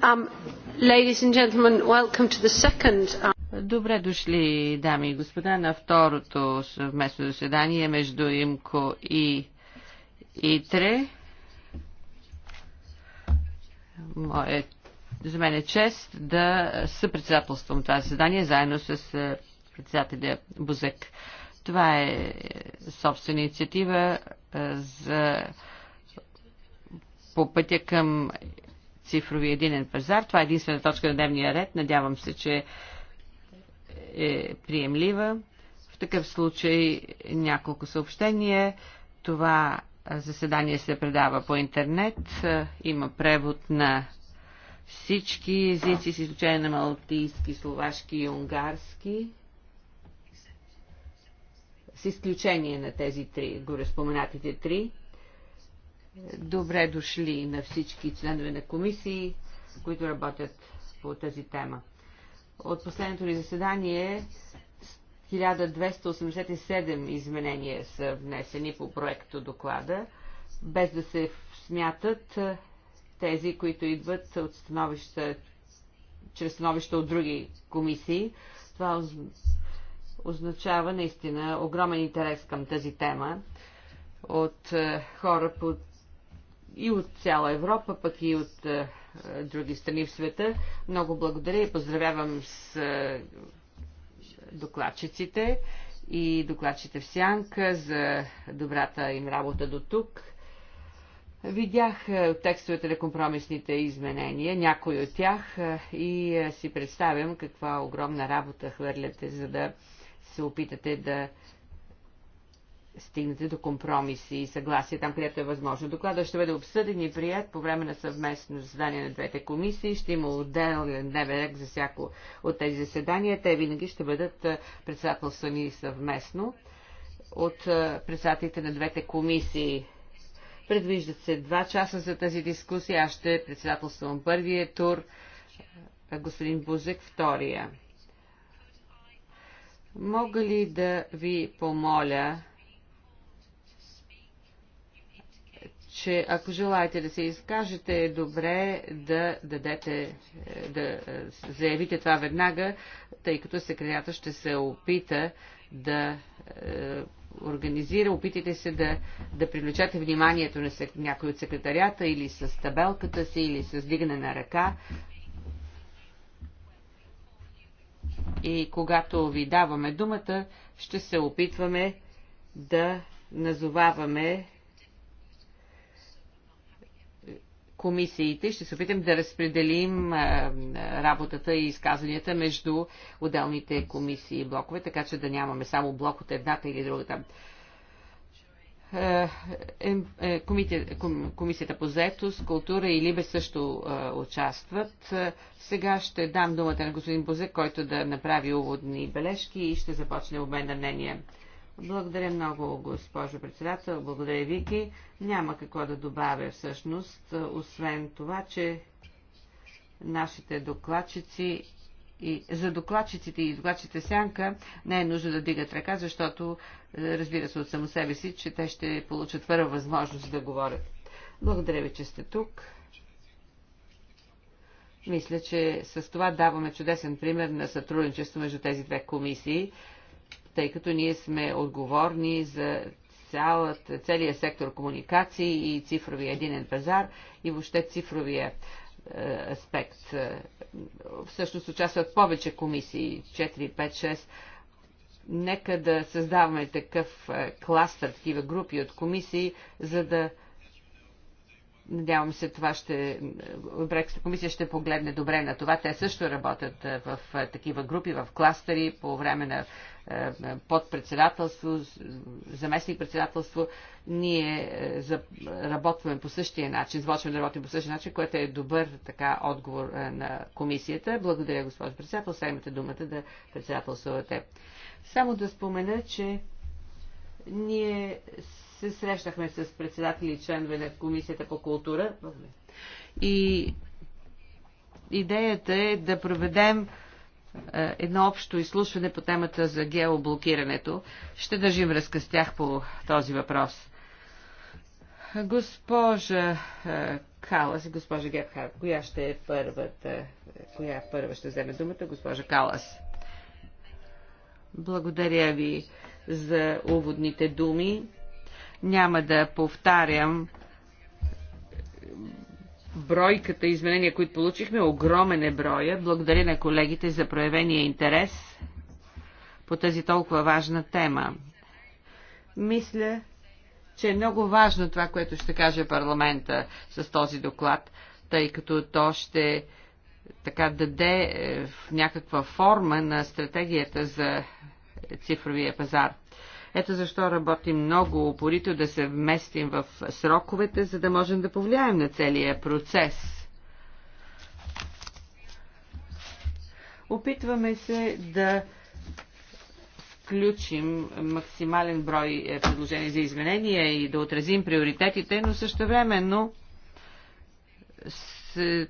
Um, um, Добре дошли, дами и господа, на второто съвместно заседание между ИМКО и ИТРЕ. за мен е чест да съпредседателствам това заседание заедно с е, председателя Бузек. Това е, е собствена инициатива е, за по пътя към цифрови единен пазар. Това е единствена точка на дневния ред. Надявам се, че е приемлива. В такъв случай няколко съобщения. Това заседание се предава по интернет. Има превод на всички езици, с изключение на малтийски, словашки и унгарски. С изключение на тези три, споменатите три. Добре дошли на всички членове на комисии, които работят по тази тема. От последното ни заседание 1287 изменения са внесени по проекто доклада, без да се смятат тези, които идват от становища, чрез становища от други комисии. Това означава наистина огромен интерес към тази тема от е, хора под и от цяла Европа, пък и от е, други страни в света. Много благодаря и поздравявам с е, докладчиците и докладчите в Сянка за добрата им работа до тук. Видях е, текстовете на компромисните изменения, някои от тях, е, и е, си представям каква огромна работа хвърляте, за да се опитате да стигнете до компромиси и съгласие там, където е възможно. Докладът ще бъде обсъден и прият по време на съвместно заседание на двете комисии. Ще има отделен дневен ред за всяко от тези заседания. Те винаги ще бъдат председателствани съвместно от председателите на двете комисии. Предвиждат се два часа за тази дискусия. Аз ще председателствам първия тур, господин Бузек втория. Мога ли да ви помоля че ако желаете да се изкажете, е добре да дадете, е, да е, заявите това веднага, тъй като секретарята ще се опита да е, организира, опитайте се да, да привлечете вниманието на някой от секретарията или с табелката си, или с дигане на ръка. И когато ви даваме думата, ще се опитваме да назоваваме комисиите. Ще се опитам да разпределим работата и изказванията между отделните комисии и блокове, така че да нямаме само блок от едната или другата. Е, е, комисията по заетост, култура и Либе също участват. Сега ще дам думата на господин Бозе, който да направи уводни бележки и ще започне обмен на мнение. Благодаря много, госпожо председател. Благодаря, Вики. Няма какво да добавя всъщност, освен това, че нашите докладчици и за докладчиците и докладчите сянка не е нужно да дигат ръка, защото разбира се от само себе си, че те ще получат първа възможност да говорят. Благодаря ви, че сте тук. Мисля, че с това даваме чудесен пример на сътрудничество между тези две комисии тъй като ние сме отговорни за цялата, целия сектор комуникации и цифровия единен пазар и въобще цифровия е, аспект. Е, всъщност участват повече комисии, 4, 5, 6. Нека да създаваме такъв е, кластър, такива групи от комисии, за да Надявам се, това ще... Европейската комисия ще погледне добре на това. Те също работят е, в е, такива групи, в кластери, по време на е, подпредседателство, заместник председателство. Ние работваме по същия начин, започваме да работим по същия начин, което е добър така отговор на комисията. Благодаря, госпожо председател. Сега имате думата да председателствате. Само да спомена, че ние се срещахме с председатели и членове на Комисията по култура. И идеята е да проведем е, едно общо изслушване по темата за геоблокирането. Ще държим връзка с тях по този въпрос. Госпожа е, Калас и госпожа Гепхард, коя ще е първата, коя първа ще вземе думата? Госпожа Калас. Благодаря ви за уводните думи. Няма да повтарям бройката изменения, които получихме. Огромен е броя. Благодаря на колегите за проявения интерес по тази толкова важна тема. Мисля, че е много важно това, което ще каже парламента с този доклад, тъй като то ще така даде е, в някаква форма на стратегията за цифровия пазар. Ето защо работим много упорито да се вместим в сроковете, за да можем да повлияем на целия процес. Опитваме се да включим максимален брой е, предложения за изменения и да отразим приоритетите, но същевременно с,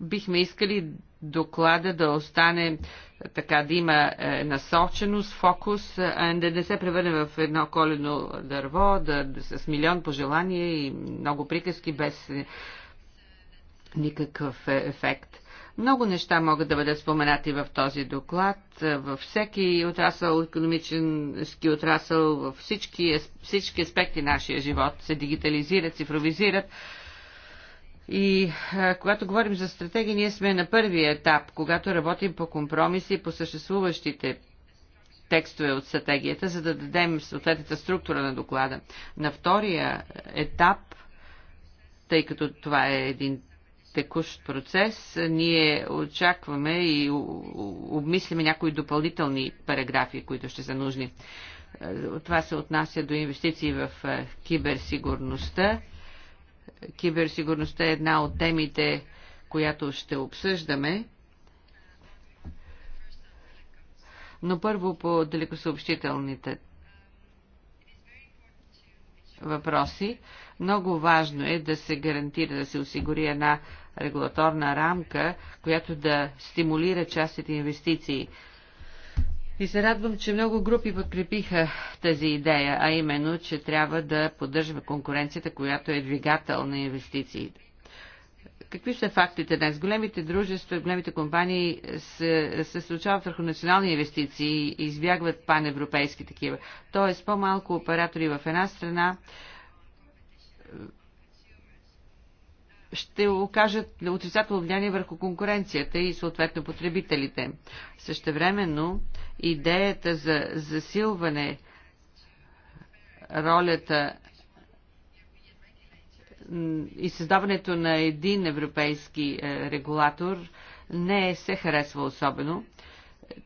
бихме искали доклада да остане така да има е, насоченост, фокус, е, а да не се превърне в едно колено дърво да, с милион пожелания и много приказки без е, никакъв ефект. Много неща могат да бъдат споменати в този доклад, във всеки отрасъл, економически отрасъл, във всички, всички аспекти нашия живот се дигитализират, цифровизират. И а, когато говорим за стратегия, ние сме на първия етап, когато работим по компромиси по съществуващите текстове от стратегията, за да дадем съответната структура на доклада. На втория етап, тъй като това е един текущ процес, ние очакваме и обмисляме някои допълнителни параграфи, които ще са нужни. Е, това се отнася до инвестиции в е, киберсигурността киберсигурността е една от темите, която ще обсъждаме. Но първо по далекосъобщителните въпроси. Много важно е да се гарантира, да се осигури една регулаторна рамка, която да стимулира частите инвестиции и се радвам, че много групи подкрепиха тази идея, а именно, че трябва да поддържаме конкуренцията, която е двигател на инвестициите. Какви са фактите днес? Големите дружества, големите компании се, се случават върху национални инвестиции и избягват паневропейски такива. Тоест по-малко оператори в една страна ще окажат отрицателно влияние върху конкуренцията и съответно потребителите. Същевременно, времено идеята за засилване ролята и създаването на един европейски е, регулатор не се харесва особено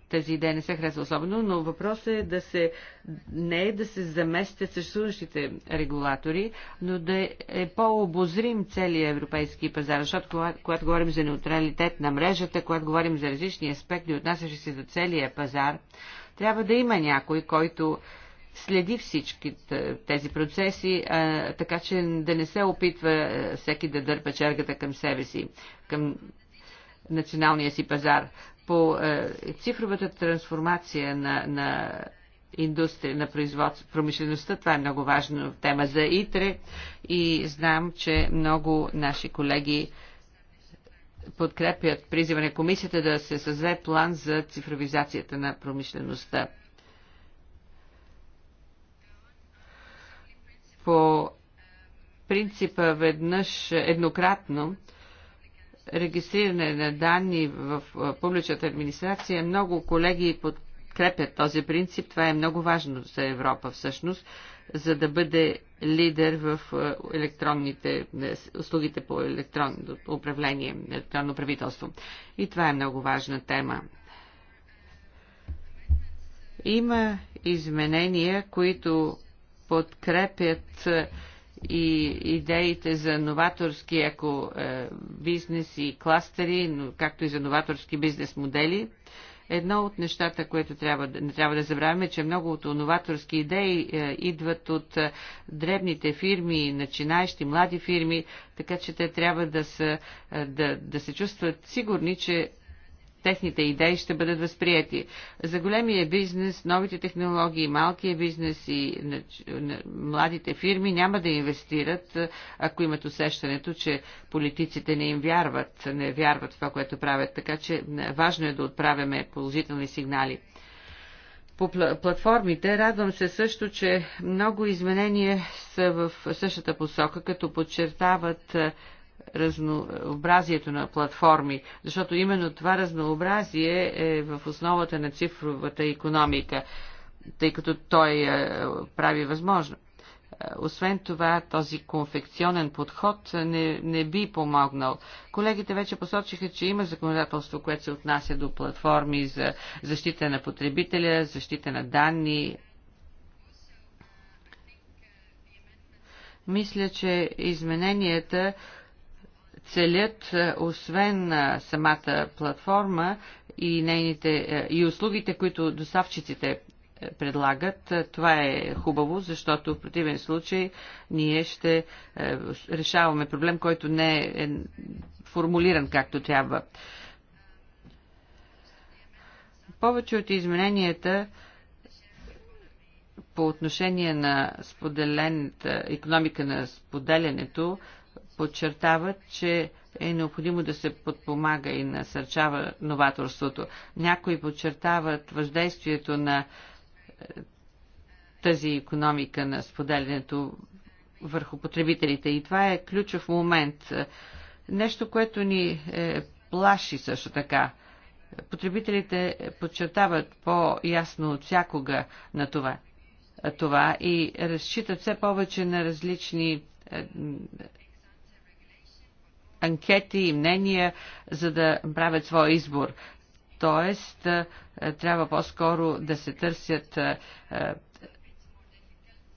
тази идея не се харесва особено, но въпросът е да се, не е да се заместят съществуващите регулатори, но да е по-обозрим целият европейски пазар, защото когато, когато говорим за неутралитет на мрежата, когато говорим за различни аспекти, отнасящи се за целия пазар, трябва да има някой, който следи всички тези процеси, а, така че да не се опитва всеки да дърпа чергата към себе си, към националния си пазар по е, цифровата трансформация на, на индустрия, на производство, промишлеността. Това е много важна тема за ИТРЕ и знам, че много наши колеги подкрепят призива на комисията да се създаде план за цифровизацията на промишлеността. По принципа веднъж еднократно регистриране на данни в публичната администрация. Много колеги подкрепят този принцип. Това е много важно за Европа всъщност, за да бъде лидер в електронните е, услугите по електронно управление, електронно правителство. И това е много важна тема. Има изменения, които подкрепят и идеите за новаторски еко е, бизнес и кластери, както и за новаторски бизнес модели. Едно от нещата, което трябва, не трябва да забравяме, е, че много от новаторски идеи е, идват от е, дребните фирми, начинаещи, млади фирми, така че те трябва да, са, е, да, да се чувстват сигурни, че техните идеи ще бъдат възприяти. За големия бизнес, новите технологии, малкия бизнес и младите фирми няма да инвестират, ако имат усещането, че политиците не им вярват, не вярват в това, което правят. Така че важно е да отправяме положителни сигнали по платформите. Радвам се също, че много изменения са в същата посока, като подчертават разнообразието на платформи, защото именно това разнообразие е в основата на цифровата економика, тъй като той е прави възможно. Е, освен това, този конфекционен подход не, не би помогнал. Колегите вече посочиха, че има законодателство, което се отнася до платформи за защита на потребителя, защита на данни, мисля, че измененията целят е, освен е, самата платформа и, нейните, е, и услугите, които доставчиците предлагат. Това е хубаво, защото в противен случай ние ще решаваме проблем, който не е формулиран както трябва. Повече от измененията по отношение на споделената економика на споделянето подчертават, че е необходимо да се подпомага и насърчава новаторството. Някои подчертават въздействието на е, тази економика на споделянето върху потребителите. И това е ключов момент. Е, нещо, което ни е, плаши също така. Потребителите подчертават по-ясно от всякога на това, е, това и разчитат все повече на различни анкети и мнения, за да правят своя избор. Тоест, е, трябва по-скоро да се търсят е,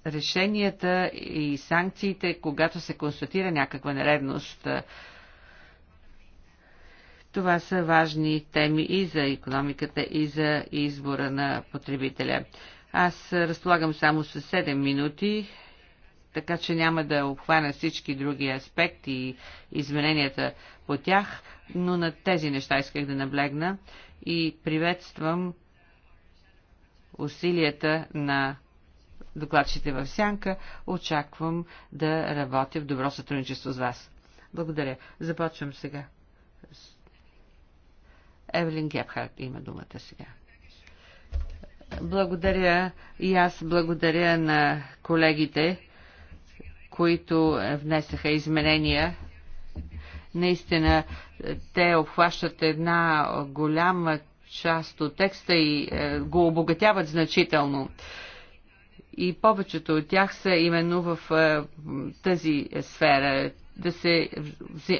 решенията и санкциите, когато се констатира някаква нередност. Това са важни теми и за економиката, и за избора на потребителя. Аз разполагам само с 7 минути така че няма да обхвана всички други аспекти и измененията по тях, но на тези неща исках да наблегна и приветствам усилията на докладчите в сянка. Очаквам да работя в добро сътрудничество с вас. Благодаря. Започвам сега. Евелин Гепхарт има думата сега. Благодаря и аз благодаря на колегите които е, внесаха изменения. Наистина, е, те обхващат една голяма част от текста и е, го обогатяват значително и повечето от тях са именно в тази сфера да се,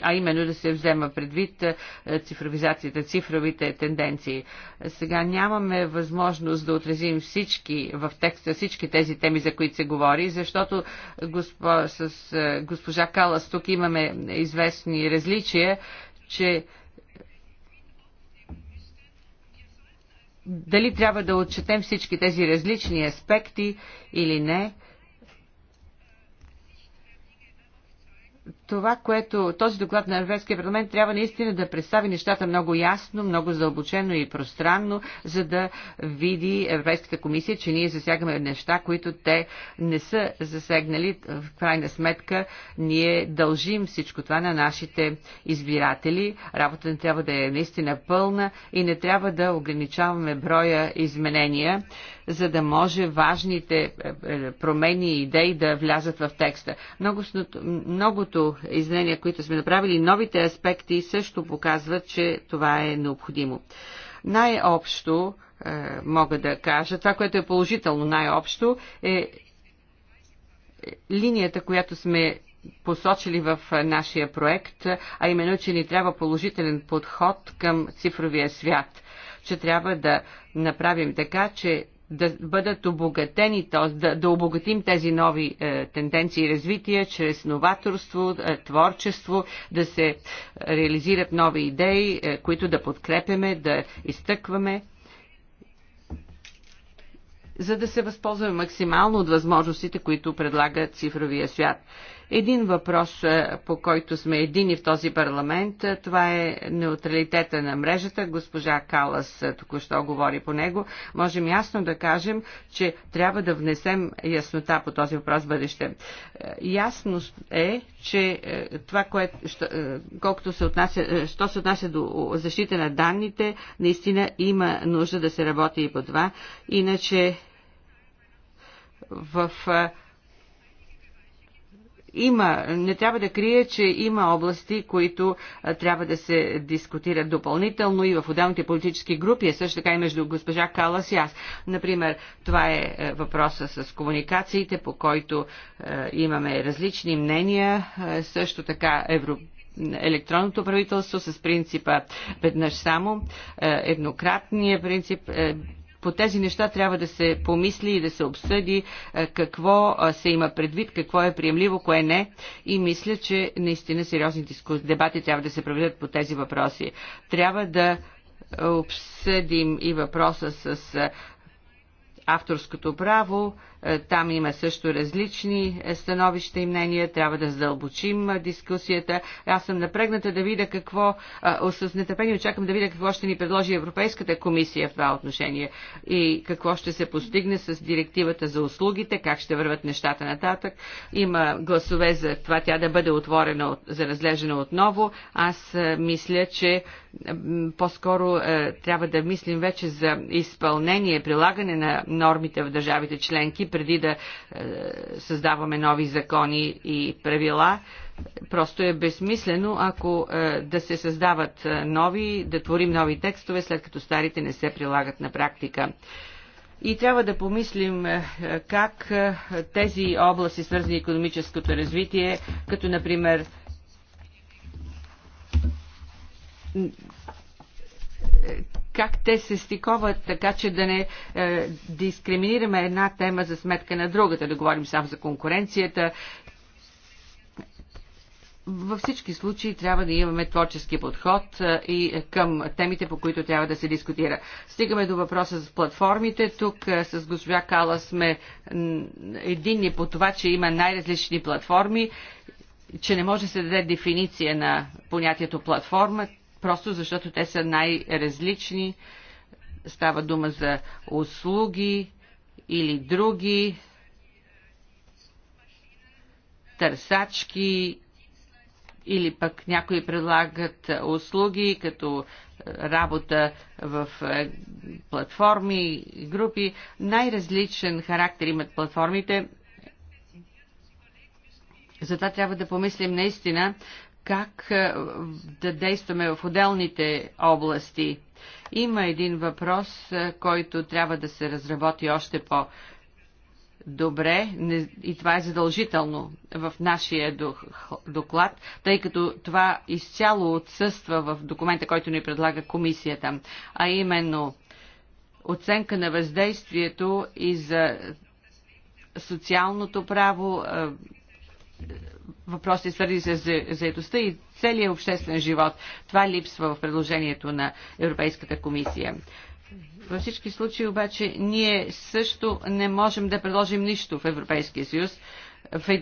а именно да се взема предвид е, цифровизацията, цифровите тенденции. Сега нямаме възможност да отразим всички в текста всички тези теми, за които се говори, защото госпо, с е, госпожа Калас тук имаме известни различия, че дали трябва да отчетем всички тези различни аспекти или не, това, което този доклад на Европейския парламент трябва наистина да представи нещата много ясно, много задълбочено и пространно, за да види Европейската комисия, че ние засягаме неща, които те не са засегнали. В крайна сметка ние дължим всичко това на нашите избиратели. Работата не трябва да е наистина пълна и не трябва да ограничаваме броя изменения, за да може важните е, е, промени и идеи да влязат в текста. многото изменения, които сме направили, новите аспекти също показват, че това е необходимо. Най-общо е, мога да кажа, това, което е положително най-общо е, е линията, която сме посочили в нашия проект, а именно, че ни трябва положителен подход към цифровия свят, че трябва да направим така, че да бъдат обогатени, т.е. Да, да обогатим тези нови е, тенденции и развития чрез новаторство, е, творчество, да се реализират нови идеи, е, които да подкрепяме, да изтъкваме, за да се възползваме максимално от възможностите, които предлага цифровия свят. Един въпрос, е, по който сме едини в този парламент, е, това е неутралитета на мрежата. Госпожа Калас е, току-що говори по него. Можем ясно да кажем, че трябва да внесем яснота по този въпрос в бъдеще. Ясно е, че това, което, колкото се отнася, що се отнася до защита на данните, наистина има нужда да се работи и по това. Иначе в има, не трябва да крие, че има области, които трябва да се дискутират допълнително и в отделните политически групи, а също така и между госпожа Калас и аз. Например, това е, е въпроса с комуникациите, по който е, имаме различни мнения, е, също така европейски електронното правителство с принципа веднъж само, еднократния принцип, по тези неща трябва да се помисли и да се обсъди е, какво е, се има предвид, какво е приемливо, кое не. И мисля, че наистина сериозни дебати трябва да се проведат по тези въпроси. Трябва да обсъдим и въпроса с е, авторското право, там има също различни е, становища и мнения. Трябва да задълбочим дискусията. Аз съм напрегната да видя какво, с нетърпение очаквам да видя какво ще ни предложи Европейската комисия в това отношение и какво ще се постигне с директивата за услугите, как ще върват нещата нататък. Има гласове за това тя да бъде отворена за разлежена отново. Аз мисля, че по-скоро трябва да мислим вече за изпълнение, прилагане на нормите в държавите членки, преди да е, създаваме нови закони и правила. Просто е безсмислено, ако е, да се създават е, нови, да творим нови текстове, след като старите не се прилагат на практика. И трябва да помислим как тези области, свързани с економическото развитие, като например как те се стиковат, така че да не е, дискриминираме една тема за сметка на другата, да говорим само за конкуренцията. Във всички случаи трябва да имаме творчески подход е, и към темите, по които трябва да се дискутира. Стигаме до въпроса с платформите. Тук е, с госпожа Кала сме единни по това, че има най-различни платформи че не може да се даде дефиниция на понятието платформа, просто защото те са най-различни. Става дума за услуги или други търсачки или пък някои предлагат услуги като е, работа в е, платформи, групи. Най-различен характер имат платформите. Затова трябва да помислим наистина как е, да действаме в отделните области. Има един въпрос, е, който трябва да се разработи още по добре и това е задължително в нашия доклад, тъй като това изцяло отсъства в документа, който ни предлага комисията, а именно оценка на въздействието и за социалното право, е, въпроси, свързани с заедостта и целият обществен живот. Това липсва в предложението на Европейската комисия. Във всички случаи обаче ние също не можем да предложим нищо в Европейския съюз.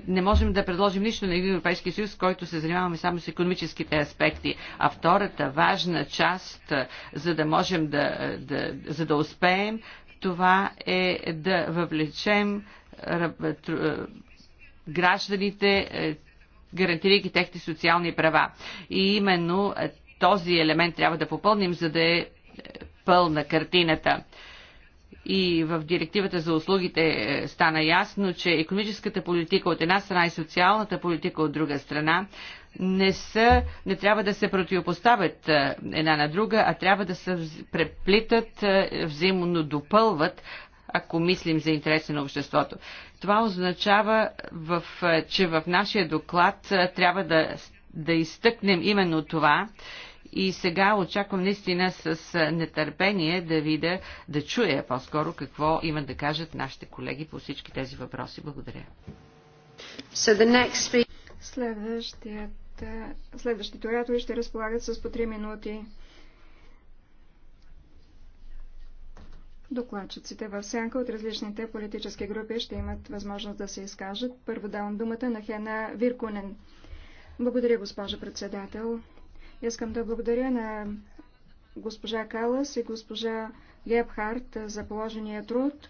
Не можем да предложим нищо на един Европейски съюз, който се занимаваме само с економическите аспекти. А втората важна част, за да можем да, да, за да успеем, това е да въвлечем гражданите, е, гарантирайки техните социални права. И именно е, този елемент трябва да попълним, за да е, е пълна картината и в директивата за услугите стана ясно, че економическата политика от една страна и социалната политика от друга страна не, са, не трябва да се противопоставят една на друга, а трябва да се преплитат, взаимно допълват, ако мислим за интереса на обществото. Това означава, в, е, че в нашия доклад е, трябва да, да изтъкнем именно това и сега очаквам наистина с е, нетърпение да видя, да чуя по-скоро какво имат да кажат нашите колеги по всички тези въпроси. Благодаря. So the next... Следващият, следващите оратори ще разполагат с по 3 минути. Докладчиците в сянка от различните политически групи ще имат възможност да се изкажат. Първо давам думата на Хена Виркунен. Благодаря, госпожа председател. Искам да благодаря на госпожа Калас и госпожа Гебхарт за положения труд.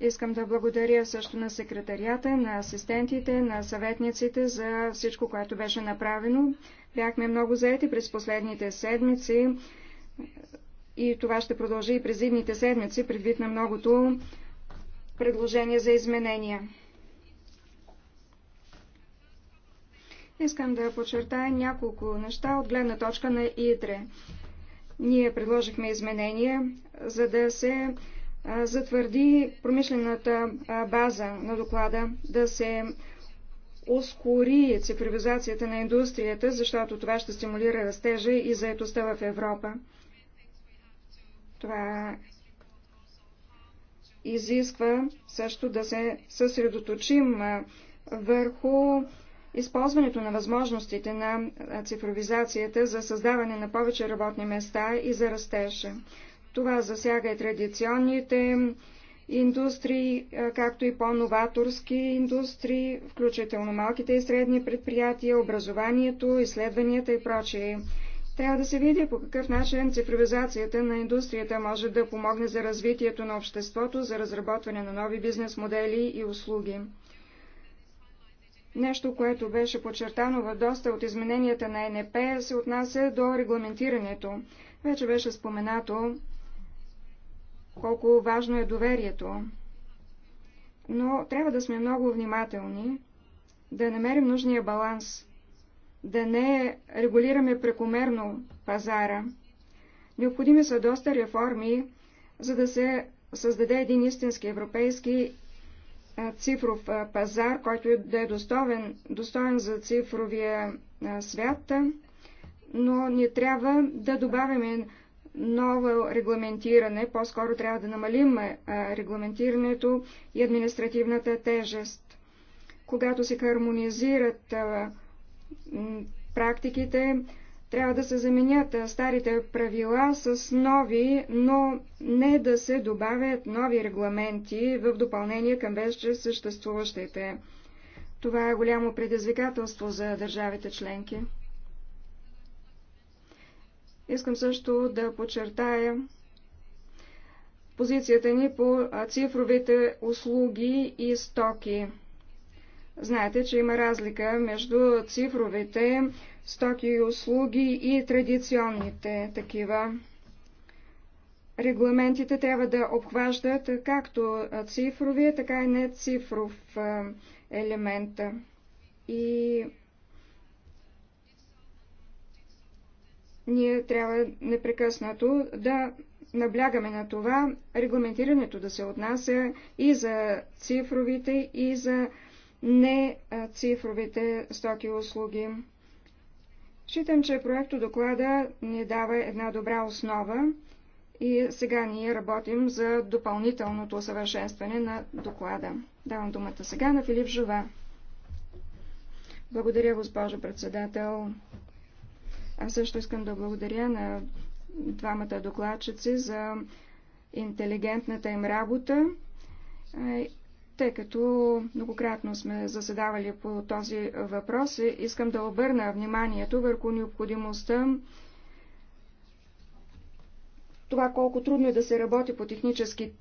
Искам да благодаря също на секретарията, на асистентите, на съветниците за всичко, което беше направено. Бяхме много заети през последните седмици и това ще продължи и през зимните седмици, предвид на многото предложения за изменения. Искам да подчертая няколко неща от гледна точка на ИТРЕ. Ние предложихме изменения, за да се затвърди промишлената база на доклада, да се ускори цифровизацията на индустрията, защото това ще стимулира растежа и заетостта в Европа. Това изисква също да се съсредоточим върху използването на възможностите на цифровизацията за създаване на повече работни места и за растеж. Това засяга и традиционните индустрии, както и по-новаторски индустрии, включително малките и средни предприятия, образованието, изследванията и прочие. Трябва да се види по какъв начин цифровизацията на индустрията може да помогне за развитието на обществото, за разработване на нови бизнес модели и услуги. Нещо, което беше подчертано в доста от измененията на НП, се отнася до регламентирането. Вече беше споменато колко важно е доверието. Но трябва да сме много внимателни, да намерим нужния баланс – да не регулираме прекомерно пазара. Необходими са доста реформи, за да се създаде един истински европейски цифров пазар, който да е достоен, достоен за цифровия свят, но не трябва да добавяме ново регламентиране, по-скоро трябва да намалим регламентирането и административната тежест. Когато се хармонизират практиките трябва да се заменят старите правила с нови, но не да се добавят нови регламенти в допълнение към вече съществуващите. Това е голямо предизвикателство за държавите членки. Искам също да подчертая позицията ни по цифровите услуги и стоки. Знаете, че има разлика между цифровите стоки и услуги и традиционните такива. Регламентите трябва да обхващат както цифровия, така и не цифров елемент. И ние трябва непрекъснато да наблягаме на това регламентирането да се отнася и за цифровите, и за не цифровите стоки и услуги. Считам, че проекто доклада ни дава една добра основа и сега ние работим за допълнителното усъвършенстване на доклада. Давам думата сега на Филип Жова. Благодаря, госпожо председател. Аз също искам да благодаря на двамата докладчици за интелигентната им работа тъй като многократно сме заседавали по този въпрос, искам да обърна вниманието върху необходимостта това колко трудно е да се работи по технически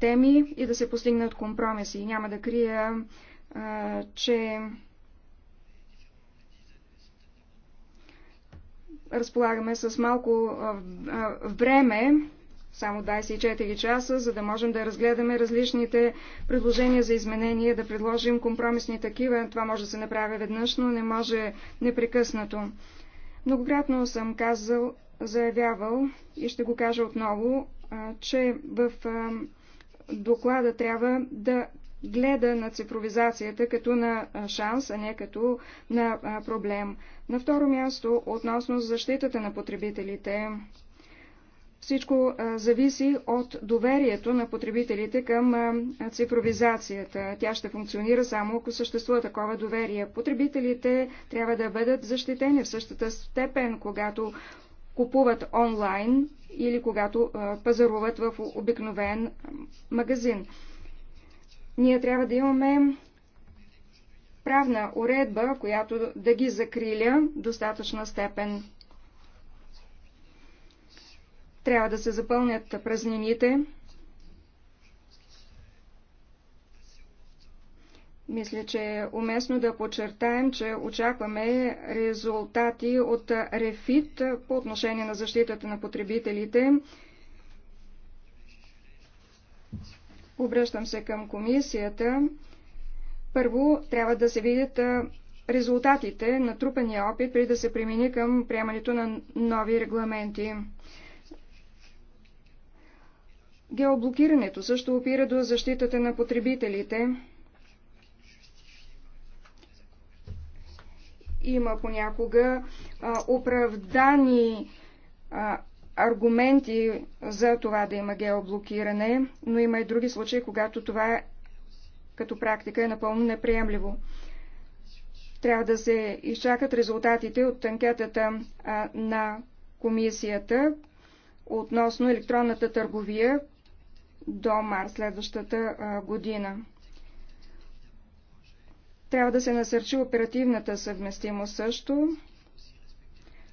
теми и да се постигнат компромиси. няма да крия, че разполагаме с малко време само 24 часа, за да можем да разгледаме различните предложения за изменения, да предложим компромисни такива. Това може да се направи веднъж, но не може непрекъснато. Многократно съм казал, заявявал и ще го кажа отново, че в доклада трябва да гледа на цифровизацията като на шанс, а не като на проблем. На второ място, относно защитата на потребителите, всичко зависи от доверието на потребителите към цифровизацията. Тя ще функционира само ако съществува такова доверие. Потребителите трябва да бъдат защитени в същата степен, когато купуват онлайн или когато пазаруват в обикновен магазин. Ние трябва да имаме правна уредба, която да ги закриля достатъчна степен. Трябва да се запълнят празнините. Мисля, че е уместно да подчертаем, че очакваме резултати от РЕФИТ по отношение на защитата на потребителите. Обръщам се към комисията. Първо трябва да се видят резултатите на трупания опит, преди да се премини към приемането на нови регламенти. Геоблокирането също опира до защитата на потребителите. Има понякога а, оправдани а, аргументи за това да има геоблокиране, но има и други случаи, когато това като практика е напълно неприемливо. Трябва да се изчакат резултатите от анкетата на комисията относно електронната търговия, до март следващата година. Трябва да се насърчи оперативната съвместимост също.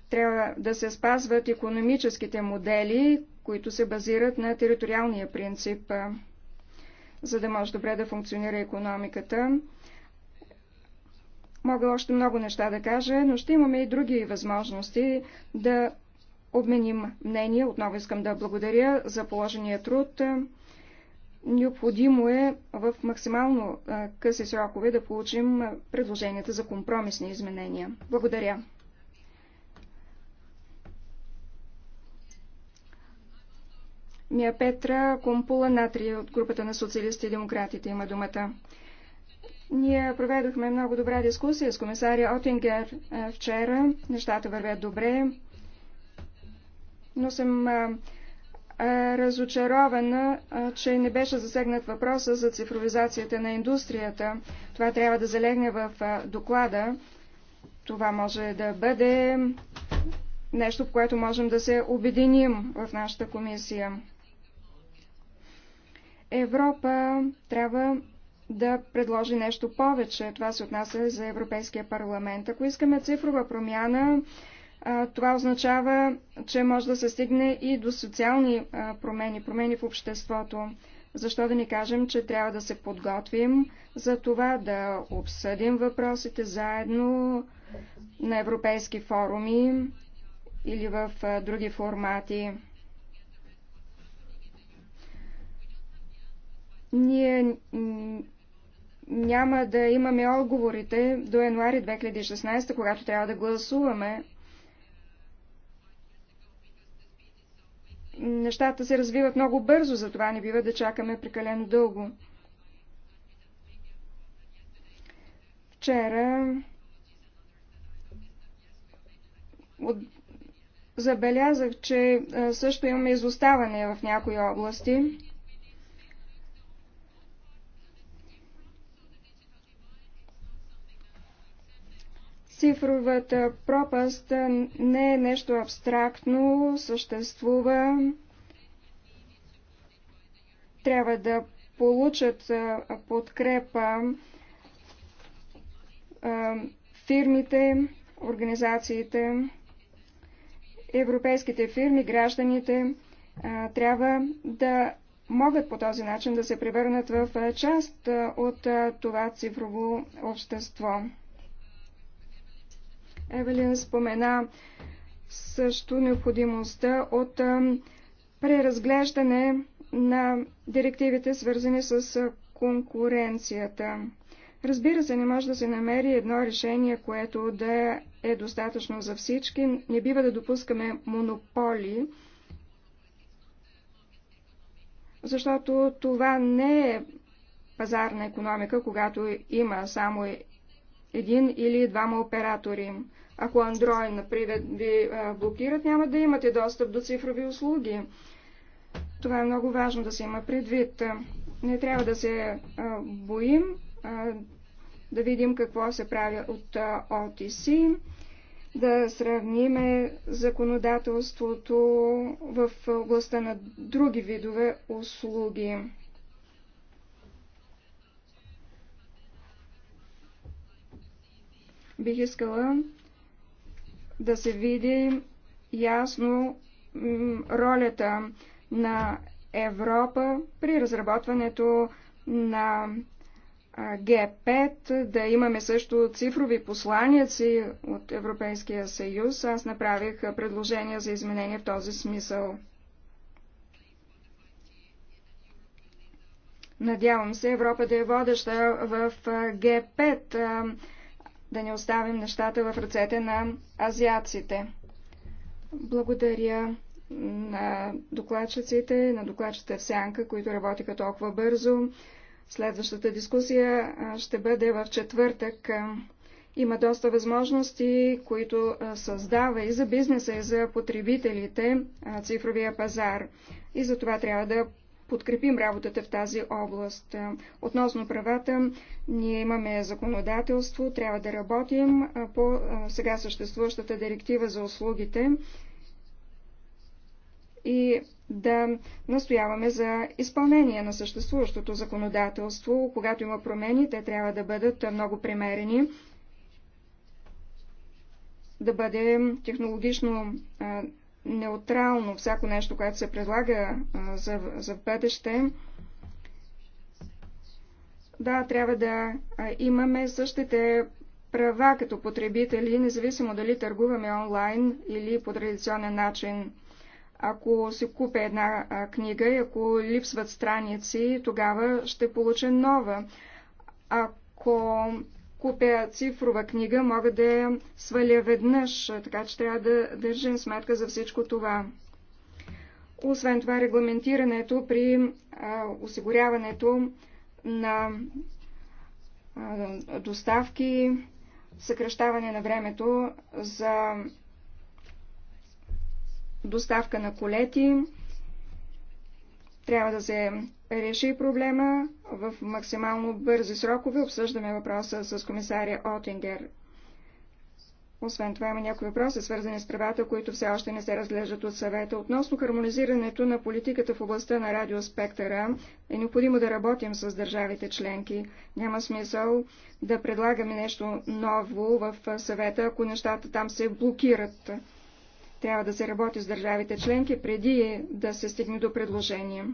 Трябва да се спазват економическите модели, които се базират на териториалния принцип, за да може добре да функционира економиката. Мога още много неща да кажа, но ще имаме и други възможности да обменим мнение. Отново искам да благодаря за положения труд. Необходимо е в максимално къси срокове да получим предложенията за компромисни изменения. Благодаря. Мия Петра Компула Натрия от групата на социалисти и демократите има думата. Ние проведохме много добра дискусия с комисаря Отингер вчера. Нещата вървят добре но съм разочарована, че не беше засегнат въпроса за цифровизацията на индустрията. Това трябва да залегне в доклада. Това може да бъде нещо, в което можем да се обединим в нашата комисия. Европа трябва да предложи нещо повече. Това се отнася за Европейския парламент. Ако искаме цифрова промяна, това означава, че може да се стигне и до социални промени, промени в обществото. Защо да ни кажем, че трябва да се подготвим за това, да обсъдим въпросите заедно на европейски форуми или в други формати. Ние няма да имаме отговорите до януари 2016, когато трябва да гласуваме нещата се развиват много бързо, затова не бива да чакаме прекалено дълго. Вчера от... забелязах, че също имаме изоставане в някои области. Цифровата пропаст не е нещо абстрактно, съществува. Трябва да получат подкрепа фирмите, организациите, европейските фирми, гражданите трябва да могат по този начин да се превърнат в част от това цифрово общество. Евелин спомена също необходимостта от преразглеждане на директивите, свързани с конкуренцията. Разбира се, не може да се намери едно решение, което да е достатъчно за всички. Не бива да допускаме монополи, защото това не е пазарна економика, когато има само един или двама оператори. Ако Android, например, ви блокират, няма да имате достъп до цифрови услуги. Това е много важно да се има предвид. Не трябва да се боим, да видим какво се прави от OTC, да сравниме законодателството в областта на други видове услуги. Бих искала да се види ясно ролята на Европа при разработването на Г5, да имаме също цифрови посланици от Европейския съюз. Аз направих предложение за изменение в този смисъл. Надявам се Европа да е водеща в Г5 да не оставим нещата в ръцете на азиаците. Благодаря на докладчиците, на докладчите в Сянка, които работиха толкова бързо. Следващата дискусия ще бъде в четвъртък. Има доста възможности, които създава и за бизнеса, и за потребителите цифровия пазар. И за това трябва да подкрепим работата в тази област. Е, относно правата, ние имаме законодателство, трябва да работим по сега съществуващата директива за услугите и да настояваме за изпълнение на съществуващото законодателство. Когато има промени, те трябва да бъдат много примерени, да бъде технологично неутрално всяко нещо, което се предлага за, за бъдеще. Да, трябва да имаме същите права като потребители, независимо дали търгуваме онлайн или по традиционен начин. Ако се купя една книга и ако липсват страници, тогава ще получа нова. Ако купя цифрова книга, мога да я сваля веднъж, така че трябва да държим сметка за всичко това. Освен това, регламентирането при а, осигуряването на а, доставки, съкръщаване на времето за доставка на колети, трябва да се реши проблема в максимално бързи срокове. Обсъждаме въпроса с комисаря Отингер. Освен това има някои въпроси, свързани с правата, които все още не се разглеждат от съвета. Относно хармонизирането на политиката в областта на радиоспектъра е необходимо да работим с държавите членки. Няма смисъл да предлагаме нещо ново в съвета, ако нещата там се блокират. Трябва да се работи с държавите членки преди да се стигне до предложение.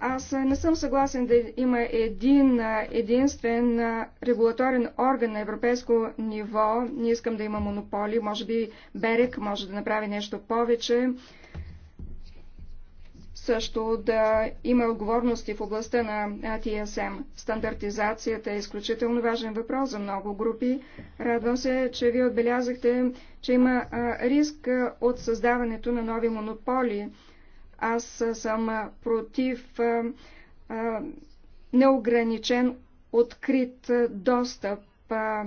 Аз не съм съгласен да има един единствен регулаторен орган на европейско ниво. Не искам да има монополи. Може би Берек може да направи нещо повече. Също да има отговорности в областта на ТСМ. Стандартизацията е изключително важен въпрос за много групи. Радвам се, че вие отбелязахте, че има риск от създаването на нови монополи. Аз съм против неограничен открит достъп.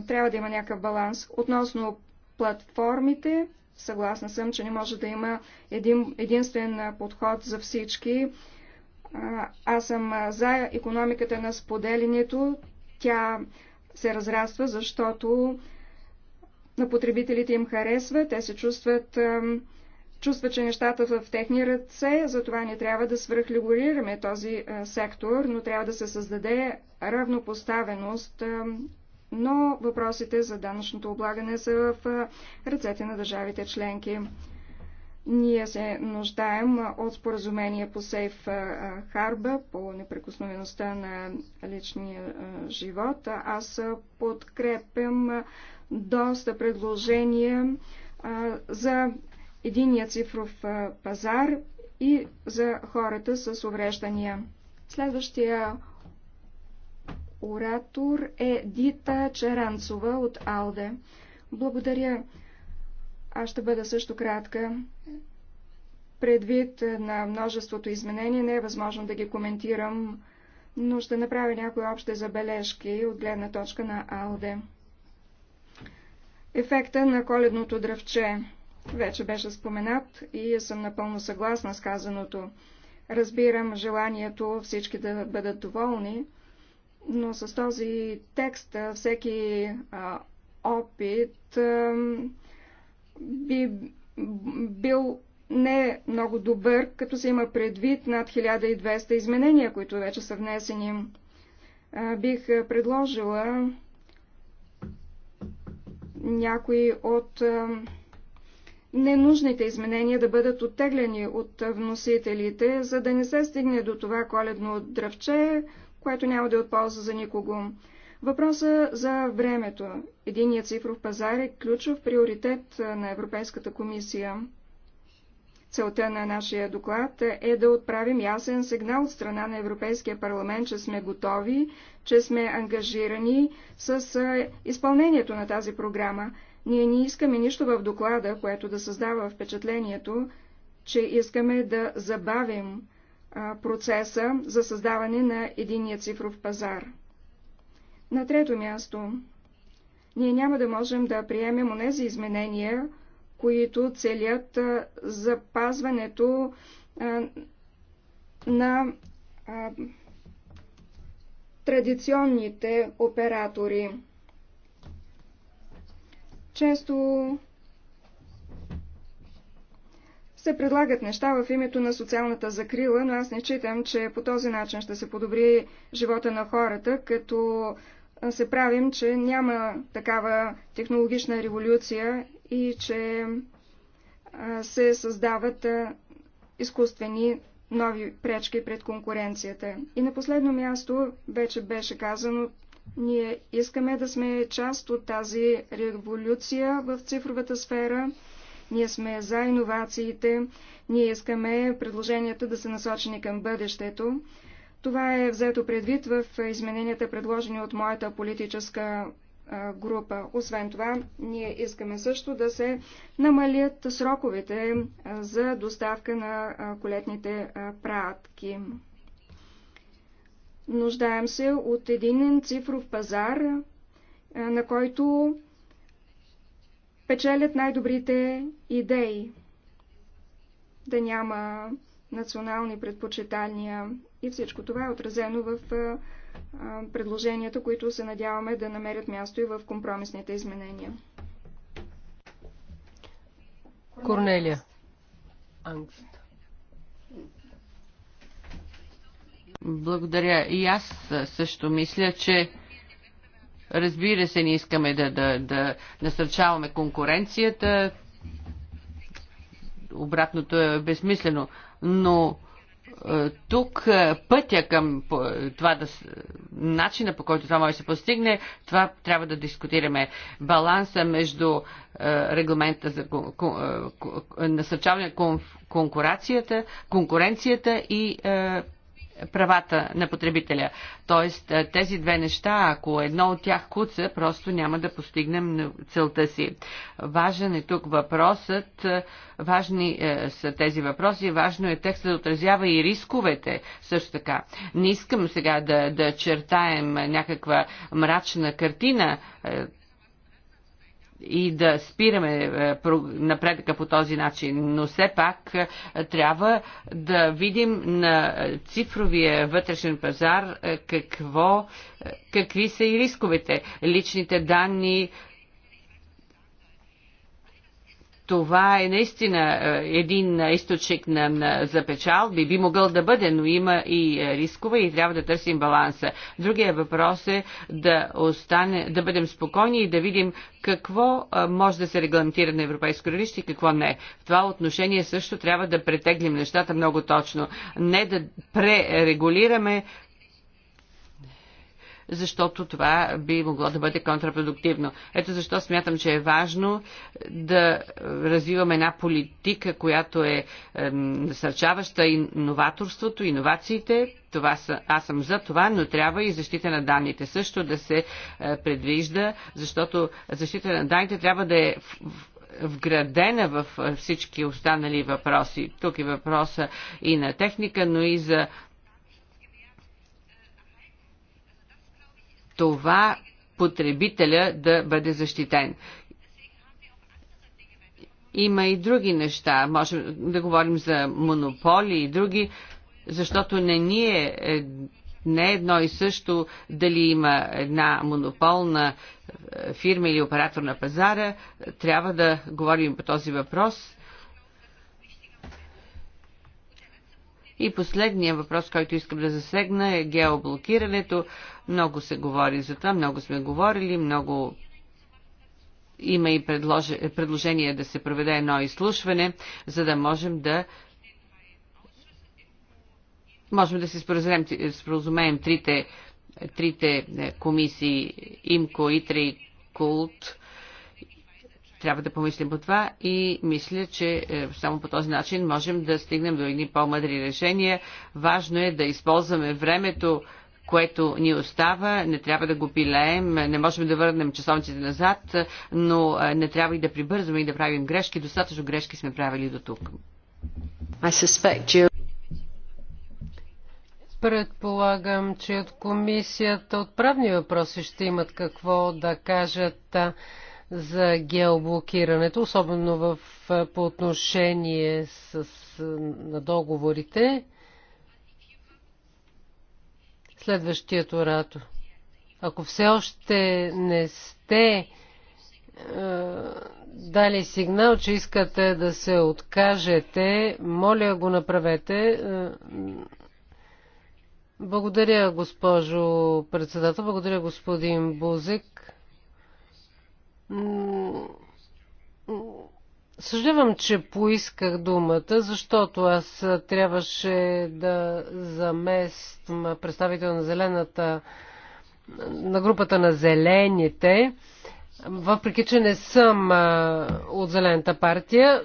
Трябва да има някакъв баланс. Относно платформите, съгласна съм, че не може да има един, единствен подход за всички. Аз съм за економиката на споделението. Тя се разраства, защото на потребителите им харесва, те се чувстват чувства, че нещата в техни ръце, затова не трябва да свръхлегорираме този е, сектор, но трябва да се създаде равнопоставеност, е, но въпросите за данъчното облагане са в е, ръцете на държавите членки. Ние се нуждаем от споразумение по сейф Харба, по неприкосновеността на личния живот. Аз подкрепям доста предложения за единия цифров пазар и за хората с увреждания. Следващия оратор е Дита Чаранцова от АЛДЕ. Благодаря. Аз ще бъда също кратка. Предвид на множеството изменения не е възможно да ги коментирам, но ще направя някои общи забележки от гледна точка на АЛДЕ. Ефекта на коледното дръвче вече беше споменат и съм напълно съгласна с казаното. Разбирам желанието всички да бъдат доволни, но с този текст всеки а, опит а, би бил не много добър, като се има предвид над 1200 изменения, които вече са внесени. А, бих предложила някои от а, ненужните изменения да бъдат оттеглени от вносителите, за да не се стигне до това коледно дръвче, което няма да е от полза за никого. Въпроса за времето. Единият цифров пазар е ключов приоритет на Европейската комисия. Целта на нашия доклад е да отправим ясен сигнал от страна на Европейския парламент, че сме готови, че сме ангажирани с изпълнението на тази програма. Ние не искаме нищо в доклада, което да създава впечатлението, че искаме да забавим процеса за създаване на единия цифров пазар. На трето място, ние няма да можем да приемем онези изменения, които целят запазването на традиционните оператори. Често се предлагат неща в името на социалната закрила, но аз не читам, че по този начин ще се подобри живота на хората, като се правим, че няма такава технологична революция и че се създават изкуствени нови пречки пред конкуренцията. И на последно място вече беше казано ние искаме да сме част от тази революция в цифровата сфера. Ние сме за иновациите. Ние искаме предложенията да са насочени към бъдещето. Това е взето предвид в измененията, предложени от моята политическа група. Освен това, ние искаме също да се намалят сроковете за доставка на колетните пратки. Нуждаем се от един цифров пазар, на който печелят най-добрите идеи. Да няма национални предпочитания и всичко това е отразено в предложенията, които се надяваме да намерят място и в компромисните изменения. Корнелия. Ангст. Благодаря. И аз също мисля, че разбира се, не искаме да, да, да насърчаваме конкуренцията. Обратното е безмислено. Но е, тук е, пътя към това да, начина по който това може да се постигне, това трябва да дискутираме. Баланса между е, регламента за насърчаване на конкуренцията и правата на потребителя. Тоест тези две неща, ако едно от тях куца, просто няма да постигнем целта си. Важен е тук въпросът, важни е, са тези въпроси, важно е текстът да отразява и рисковете също така. Не искам сега да, да чертаем някаква мрачна картина, и да спираме е, напредъка по този начин, но все пак е, трябва да видим на цифровия вътрешен пазар е, какво, какви са и рисковете. Личните данни, това е наистина е, един източник на, на, запечал, би, би могъл да бъде, но има и е, рискове и трябва да търсим баланса. Другия въпрос е да, остане, да бъдем спокойни и да видим какво е, може да се регламентира на европейско равнище и какво не. В това отношение също трябва да претеглим нещата много точно. Не да пререгулираме защото това би могло да бъде контрапродуктивно. Ето защо смятам, че е важно да развиваме една политика, която е насърчаваща иноваторството, иновациите. Това са, аз съм за това, но трябва и защита на данните също да се е, предвижда, защото защита на данните трябва да е вградена в е, всички останали въпроси. Тук е въпроса и на техника, но и за това потребителя да бъде защитен. Има и други неща. Можем да говорим за монополи и други, защото не ние е, не е едно и също дали има една монополна е, фирма или оператор на пазара. Трябва да говорим по този въпрос И последният въпрос, който искам да засегна е геоблокирането. Много се говори за това, много сме говорили, много има и предлож... предложение да се проведе едно изслушване, за да можем да можем да се споразумеем трите, трите е, комисии ИМКО, ИТРИ, КУЛТ, трябва да помислим по това и мисля, че е, само по този начин можем да стигнем до едни по-мъдри решения. Важно е да използваме времето, което ни остава. Не трябва да го пилеем, не можем да върнем часовниците назад, но е, не трябва и да прибързваме и да правим грешки. Достатъчно грешки сме правили до тук. Предполагам, че от комисията от правни въпроси ще имат какво да кажат за геоблокирането, особено в, по отношение с, на договорите. Следващият оратор. Ако все още не сте дали сигнал, че искате да се откажете, моля го направете. Благодаря, госпожо председател. Благодаря, господин Бузик. Съжалявам, че поисках думата, защото аз трябваше да замествам представител на зелената, на групата на зелените, въпреки, че не съм от зелената партия.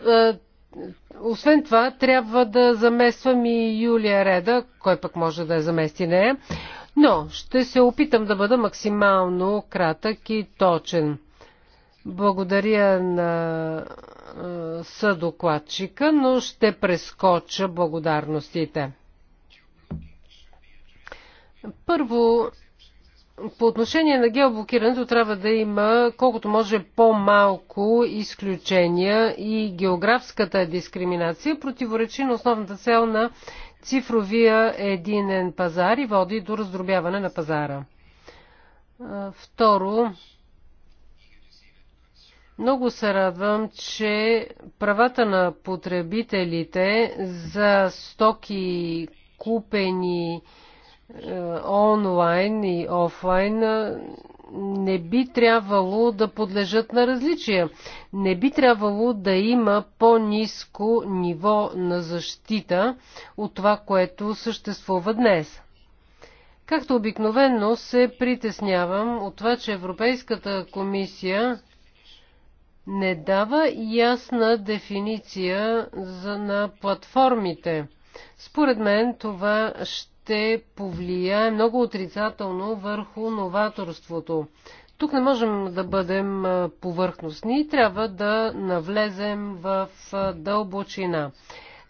Освен това, трябва да замествам и Юлия Реда, кой пък може да я замести нея, е. но ще се опитам да бъда максимално кратък и точен. Благодаря на съдокладчика, но ще прескоча благодарностите. Първо, по отношение на геоблокирането трябва да има колкото може по-малко изключения и географската дискриминация противоречи на основната цел на цифровия единен пазар и води до раздробяване на пазара. Второ, много се радвам, че правата на потребителите за стоки купени е, онлайн и офлайн е, не би трябвало да подлежат на различия. Не би трябвало да има по-низко ниво на защита от това, което съществува днес. Както обикновено се притеснявам от това, че Европейската комисия не дава ясна дефиниция за, на платформите. Според мен това ще повлияе много отрицателно върху новаторството. Тук не можем да бъдем повърхностни, трябва да навлезем в дълбочина.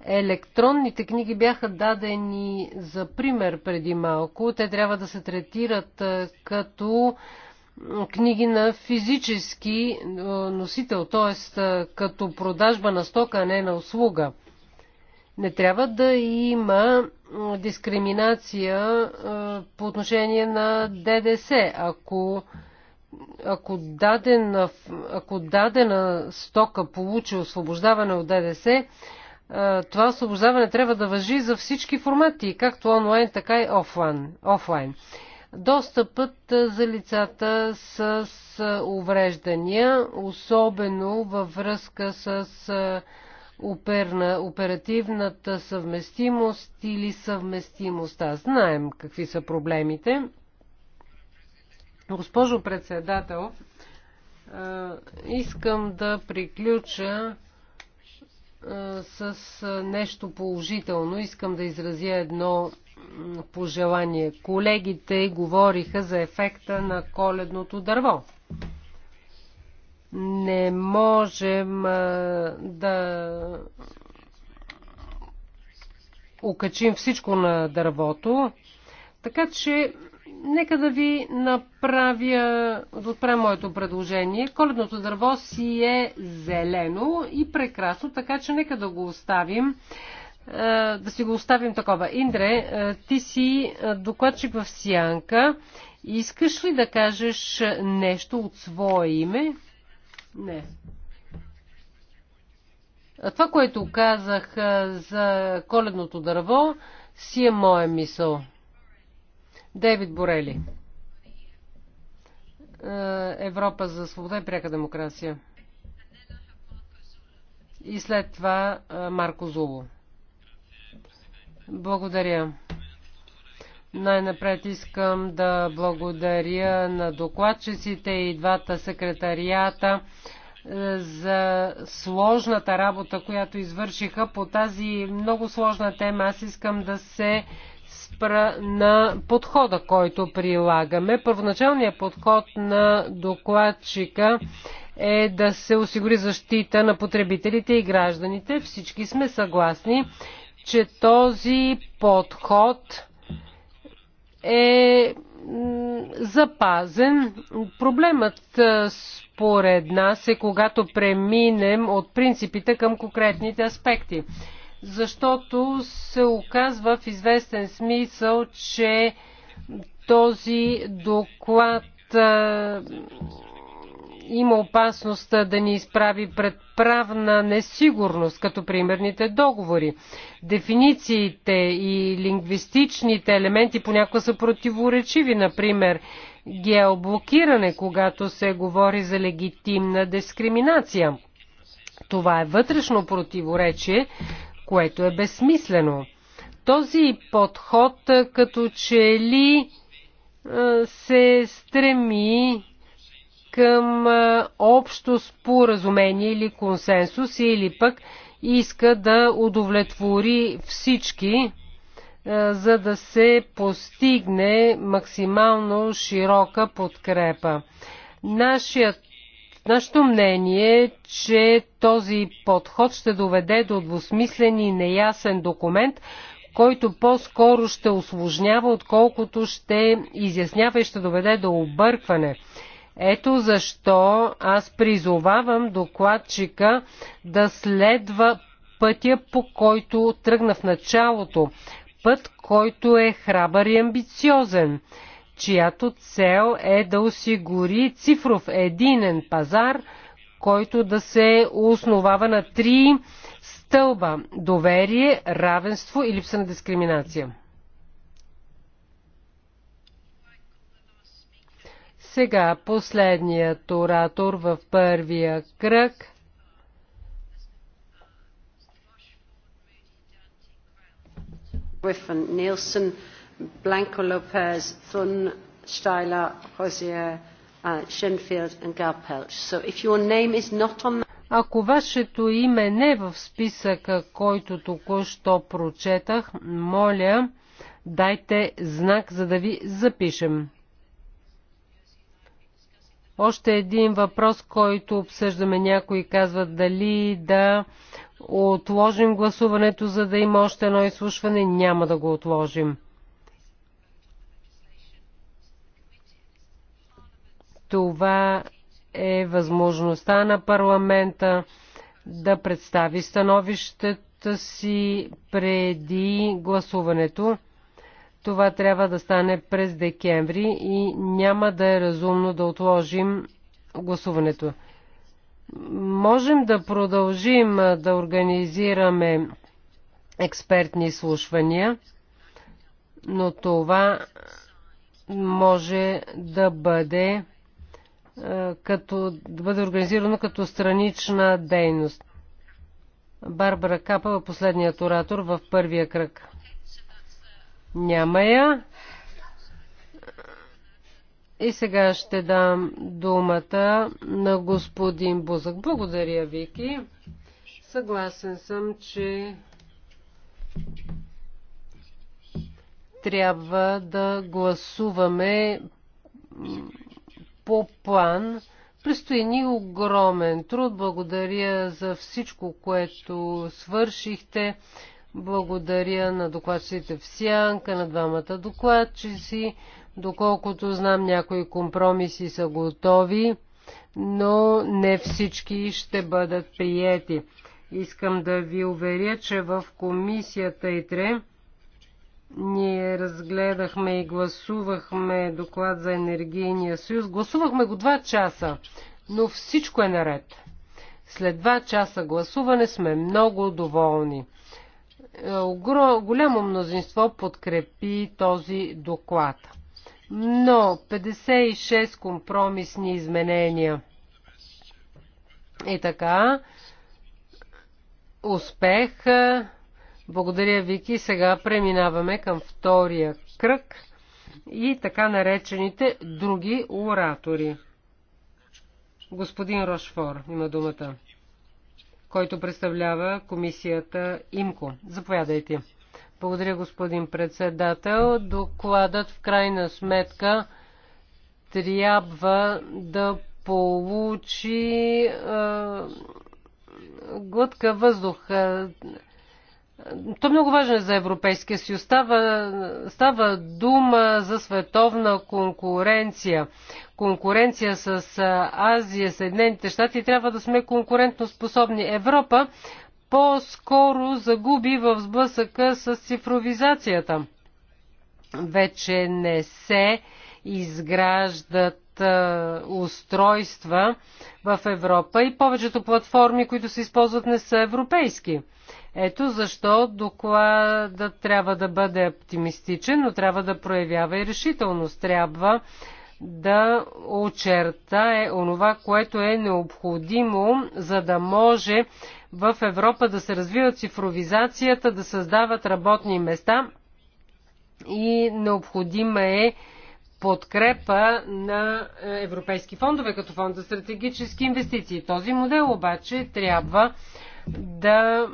Електронните книги бяха дадени за пример преди малко. Те трябва да се третират като книги на физически е, носител, т.е. Е, като продажба на стока, а не на услуга. Не трябва да има дискриминация е, по отношение на ДДС. Ако, ако, дадена, ако дадена стока получи освобождаване от ДДС, това освобождаване трябва да въжи за всички формати, както онлайн, така и офлайн. офлайн достъпът за лицата с увреждания, особено във връзка с оперна, оперативната съвместимост или съвместимостта. Знаем какви са проблемите. Госпожо председател, искам да приключа с нещо положително. Искам да изразя едно пожелание. Колегите говориха за ефекта на коледното дърво. Не можем да окачим всичко на дървото, така че нека да ви направя, да отправя моето предложение. Коледното дърво си е зелено и прекрасно, така че нека да го оставим е, да си го оставим такова. Индре, е, ти си е, докладчик в Сянка. Искаш ли да кажеш нещо от свое име? Не. Това, което казах за коледното дърво, си е моя мисъл. Дейвид Борели. Европа за свобода и пряка демокрация. И след това Марко Зуло. Благодаря. Най-напред искам да благодаря на докладчиците и двата секретарията е, за сложната работа, която извършиха по тази много сложна тема. Аз искам да се спра на подхода, който прилагаме. Първоначалният подход на докладчика е да се осигури защита на потребителите и гражданите. Всички сме съгласни че този подход е запазен. Проблемът според нас е когато преминем от принципите към конкретните аспекти. Защото се оказва в известен смисъл, че този доклад има опасност да ни изправи пред правна несигурност, като примерните договори. Дефинициите и лингвистичните елементи понякога са противоречиви, например геоблокиране, когато се говори за легитимна дискриминация. Това е вътрешно противоречие, което е безсмислено. Този подход като че ли се стреми към общо споразумение или консенсус, или пък иска да удовлетвори всички, за да се постигне максимално широка подкрепа. Нашият Нашето мнение е, че този подход ще доведе до двусмислен и неясен документ, който по-скоро ще осложнява, отколкото ще изяснява и ще доведе до объркване. Ето защо аз призовавам докладчика да следва пътя, по който тръгна в началото. Път, който е храбър и амбициозен, чиято цел е да осигури цифров единен пазар, който да се основава на три стълба – доверие, равенство и липса на дискриминация. Сега последният оратор в първия кръг. Griffin, Нилсон, Бланко Lopez, Фун, Штайла, Хозия, Шенфилд и Галпелч. Galpelch. So if your name Ако вашето име не е в списъка, който току-що прочетах, моля, дайте знак, за да ви запишем. Още един въпрос, който обсъждаме. Някои казват дали да отложим гласуването, за да има още едно изслушване. Няма да го отложим. Това е възможността на парламента да представи становището си преди гласуването. Това трябва да стане през декември и няма да е разумно да отложим гласуването. Можем да продължим да организираме експертни слушвания, но това може да бъде, като, да бъде организирано като странична дейност. Барбара Капа е последният оратор в първия кръг. Няма я. И сега ще дам думата на господин Бузък. Благодаря, Вики. Съгласен съм, че трябва да гласуваме по план. Престои ни огромен труд. Благодаря за всичко, което свършихте. Благодаря на докладчите в Сянка, на двамата докладчици. Доколкото знам, някои компромиси са готови, но не всички ще бъдат приети. Искам да ви уверя, че в комисията ИТРЕ ние разгледахме и гласувахме доклад за енергийния съюз. Гласувахме го 2 часа, но всичко е наред. След 2 часа гласуване сме много доволни голямо мнозинство подкрепи този доклад. Но 56 компромисни изменения. И е така, успех. Благодаря, Вики. Сега преминаваме към втория кръг и така наречените други оратори. Господин Рошфор има думата който представлява комисията ИМКО. Заповядайте. Благодаря, господин председател. Докладът в крайна сметка трябва да получи е, глътка въздух то е много важно за Европейския съюз. Става, става дума за световна конкуренция. Конкуренция с Азия, Съединените щати. Трябва да сме конкурентно способни. Европа по-скоро загуби в сблъсъка с цифровизацията. Вече не се изграждат е, устройства в Европа и повечето платформи, които се използват, не са европейски. Ето защо докладът трябва да бъде оптимистичен, но трябва да проявява и решителност. Трябва да очертае онова, което е необходимо, за да може в Европа да се развива цифровизацията, да създават работни места и необходима е подкрепа на е, европейски фондове, като фонд за стратегически инвестиции. Този модел обаче трябва да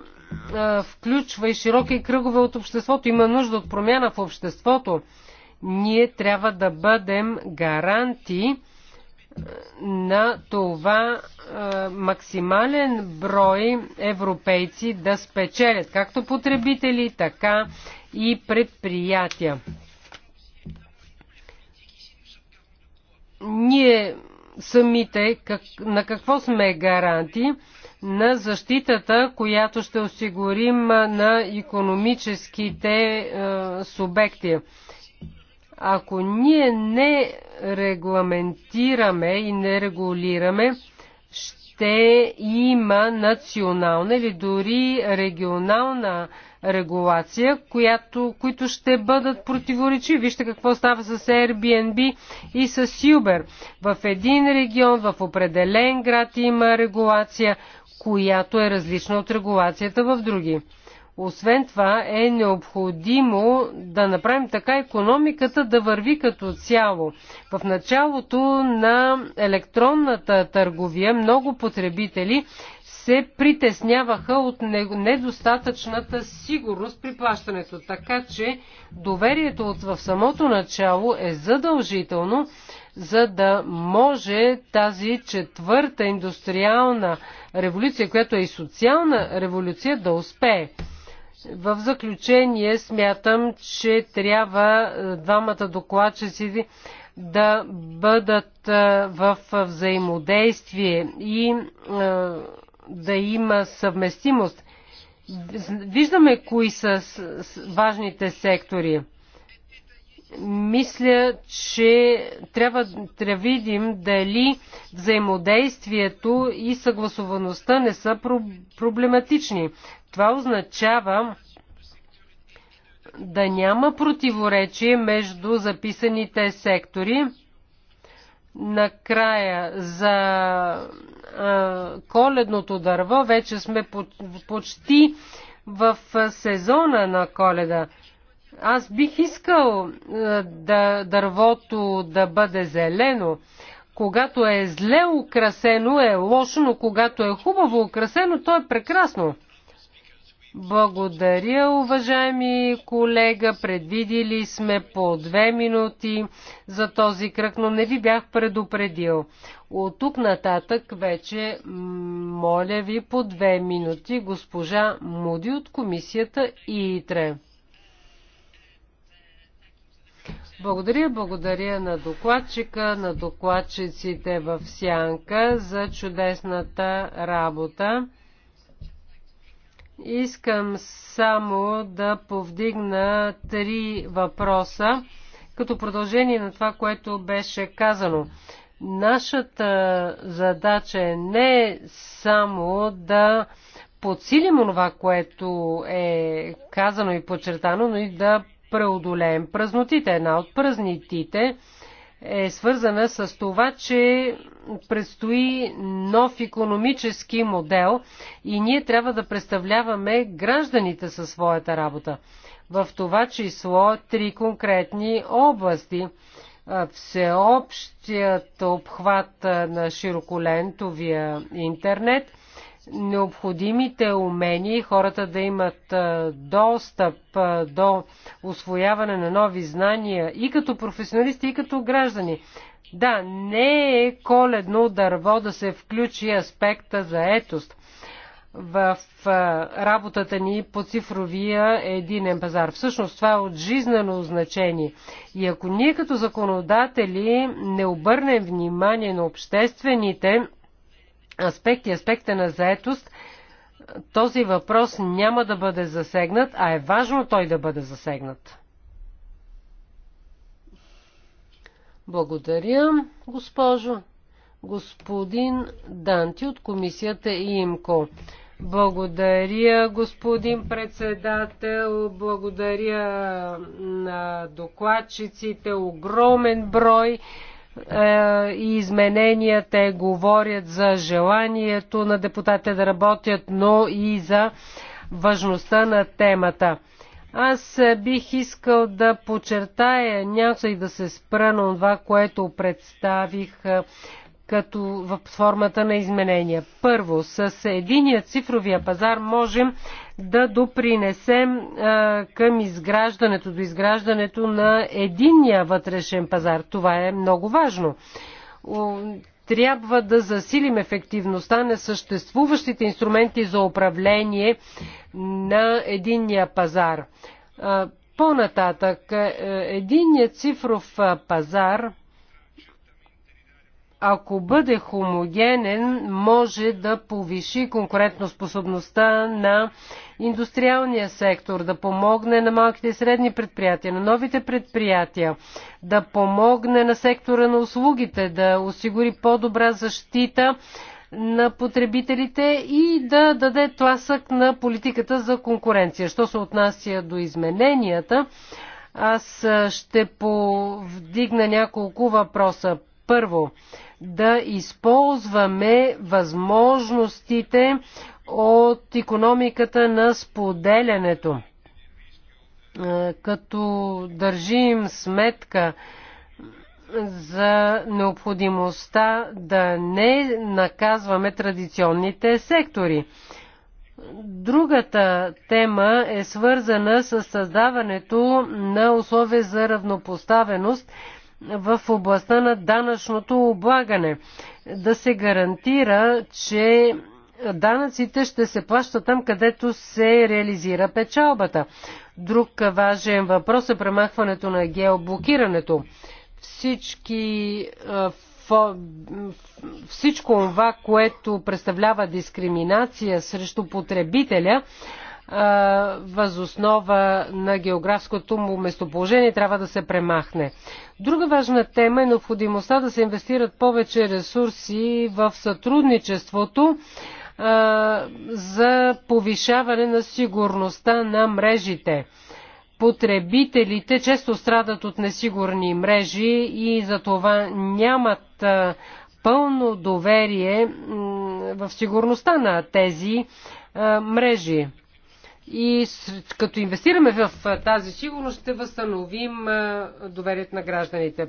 е, включва и широки кръгове от обществото. Има нужда от промяна в обществото. Ние трябва да бъдем гаранти е, на това максимален брой европейци да спечелят както потребители, така и предприятия. ние самите как, на какво сме гаранти на защитата, която ще осигурим на економическите е, субекти. Ако ние не регламентираме и не регулираме, ще има национална или дори регионална е, регулация, която, които ще бъдат противоречи. Вижте какво става с Airbnb и с Uber. В един регион, в определен град има регулация, която е различна от регулацията в други. Освен това е необходимо да направим така економиката да върви като цяло. В началото на електронната търговия много потребители се притесняваха от недостатъчната сигурност при плащането. Така че доверието в самото начало е задължително, за да може тази четвърта индустриална революция, която е и социална революция, да успее. В заключение смятам, че трябва е, двамата докладчици да бъдат е, в взаимодействие и е, да има съвместимост. Виждаме кои са важните сектори. Мисля, че трябва да видим дали взаимодействието и съгласоваността не са проблематични. Това означава, да няма противоречие между записаните сектори. Накрая за е, коледното дърво. Вече сме почти в сезона на коледа. Аз бих искал е, да, дървото да бъде зелено. Когато е зле украсено е лошо, но когато е хубаво украсено, то е прекрасно. Благодаря, уважаеми колега. Предвидили сме по две минути за този кръг, но не ви бях предупредил. От тук нататък вече моля ви по две минути госпожа Муди от комисията ИТРЕ. Благодаря, благодаря на докладчика, на докладчиците в Сянка за чудесната работа. Искам само да повдигна три въпроса като продължение на това, което беше казано. Нашата задача е не само да подсилим това, което е казано и подчертано, но и да преодолеем празнотите. Една от празнитите е свързана с това, че предстои нов економически модел и ние трябва да представляваме гражданите със своята работа. В това число три конкретни области. Всеобщият обхват на широколентовия интернет, необходимите умения и хората да имат достъп до освояване на нови знания и като професионалисти, и като граждани. Да, не е коледно дърво да се включи аспекта за етост в работата ни по цифровия единен пазар. Всъщност това е от жизнено значение. И ако ние като законодатели не обърнем внимание на обществените аспект и аспекта на заетост, този въпрос няма да бъде засегнат, а е важно той да бъде засегнат. Благодаря, госпожо. Господин Данти от комисията ИМКО. Благодаря, господин председател. Благодаря на докладчиците. Огромен брой е, и изменения. Те говорят за желанието на депутатите да работят, но и за важността на темата. Аз бих искал да подчертая някои да се спра на това, което представих е, като в формата на изменения. Първо, с единия цифровия пазар можем да допринесем а, към изграждането, до изграждането на единния вътрешен пазар. Това е много важно. Трябва да засилим ефективността на съществуващите инструменти за управление на единния пазар. По-нататък, е, е, единният цифров пазар ако бъде хомогенен, може да повиши конкурентоспособността на индустриалния сектор, да помогне на малките и средни предприятия, на новите предприятия, да помогне на сектора на услугите, да осигури по-добра защита на потребителите и да даде тласък на политиката за конкуренция. Що се отнася до измененията, аз ще повдигна няколко въпроса. Първо, да използваме възможностите от економиката на споделянето. Като държим сметка за необходимостта да не наказваме традиционните сектори. Другата тема е свързана с създаването на условия за равнопоставеност в областта на данъчното облагане. Да се гарантира, че данъците ще се плащат там, където се реализира печалбата. Друг важен въпрос е премахването на геоблокирането. Всички, всичко това, което представлява дискриминация срещу потребителя, възоснова на географското му местоположение трябва да се премахне. Друга важна тема е необходимостта да се инвестират повече ресурси в сътрудничеството за повишаване на сигурността на мрежите. Потребителите често страдат от несигурни мрежи и за това нямат пълно доверие в сигурността на тези мрежи. И като инвестираме в тази сигурност, ще възстановим доверието на гражданите.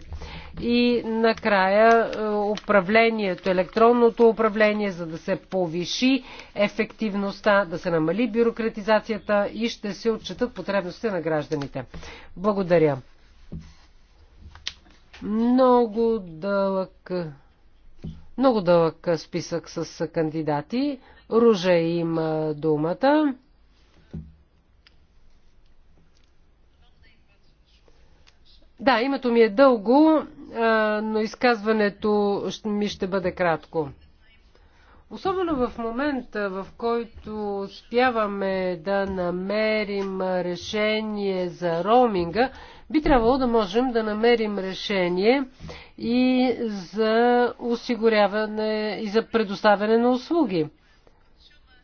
И накрая управлението, електронното управление, за да се повиши ефективността, да се намали бюрократизацията и ще се отчитат потребностите на гражданите. Благодаря. Много дълъг, много дълъг списък с кандидати. Ружа има думата. Да, името ми е дълго, но изказването ми ще бъде кратко. Особено в момента, в който успяваме да намерим решение за роуминга, би трябвало да можем да намерим решение и за осигуряване и за предоставяне на услуги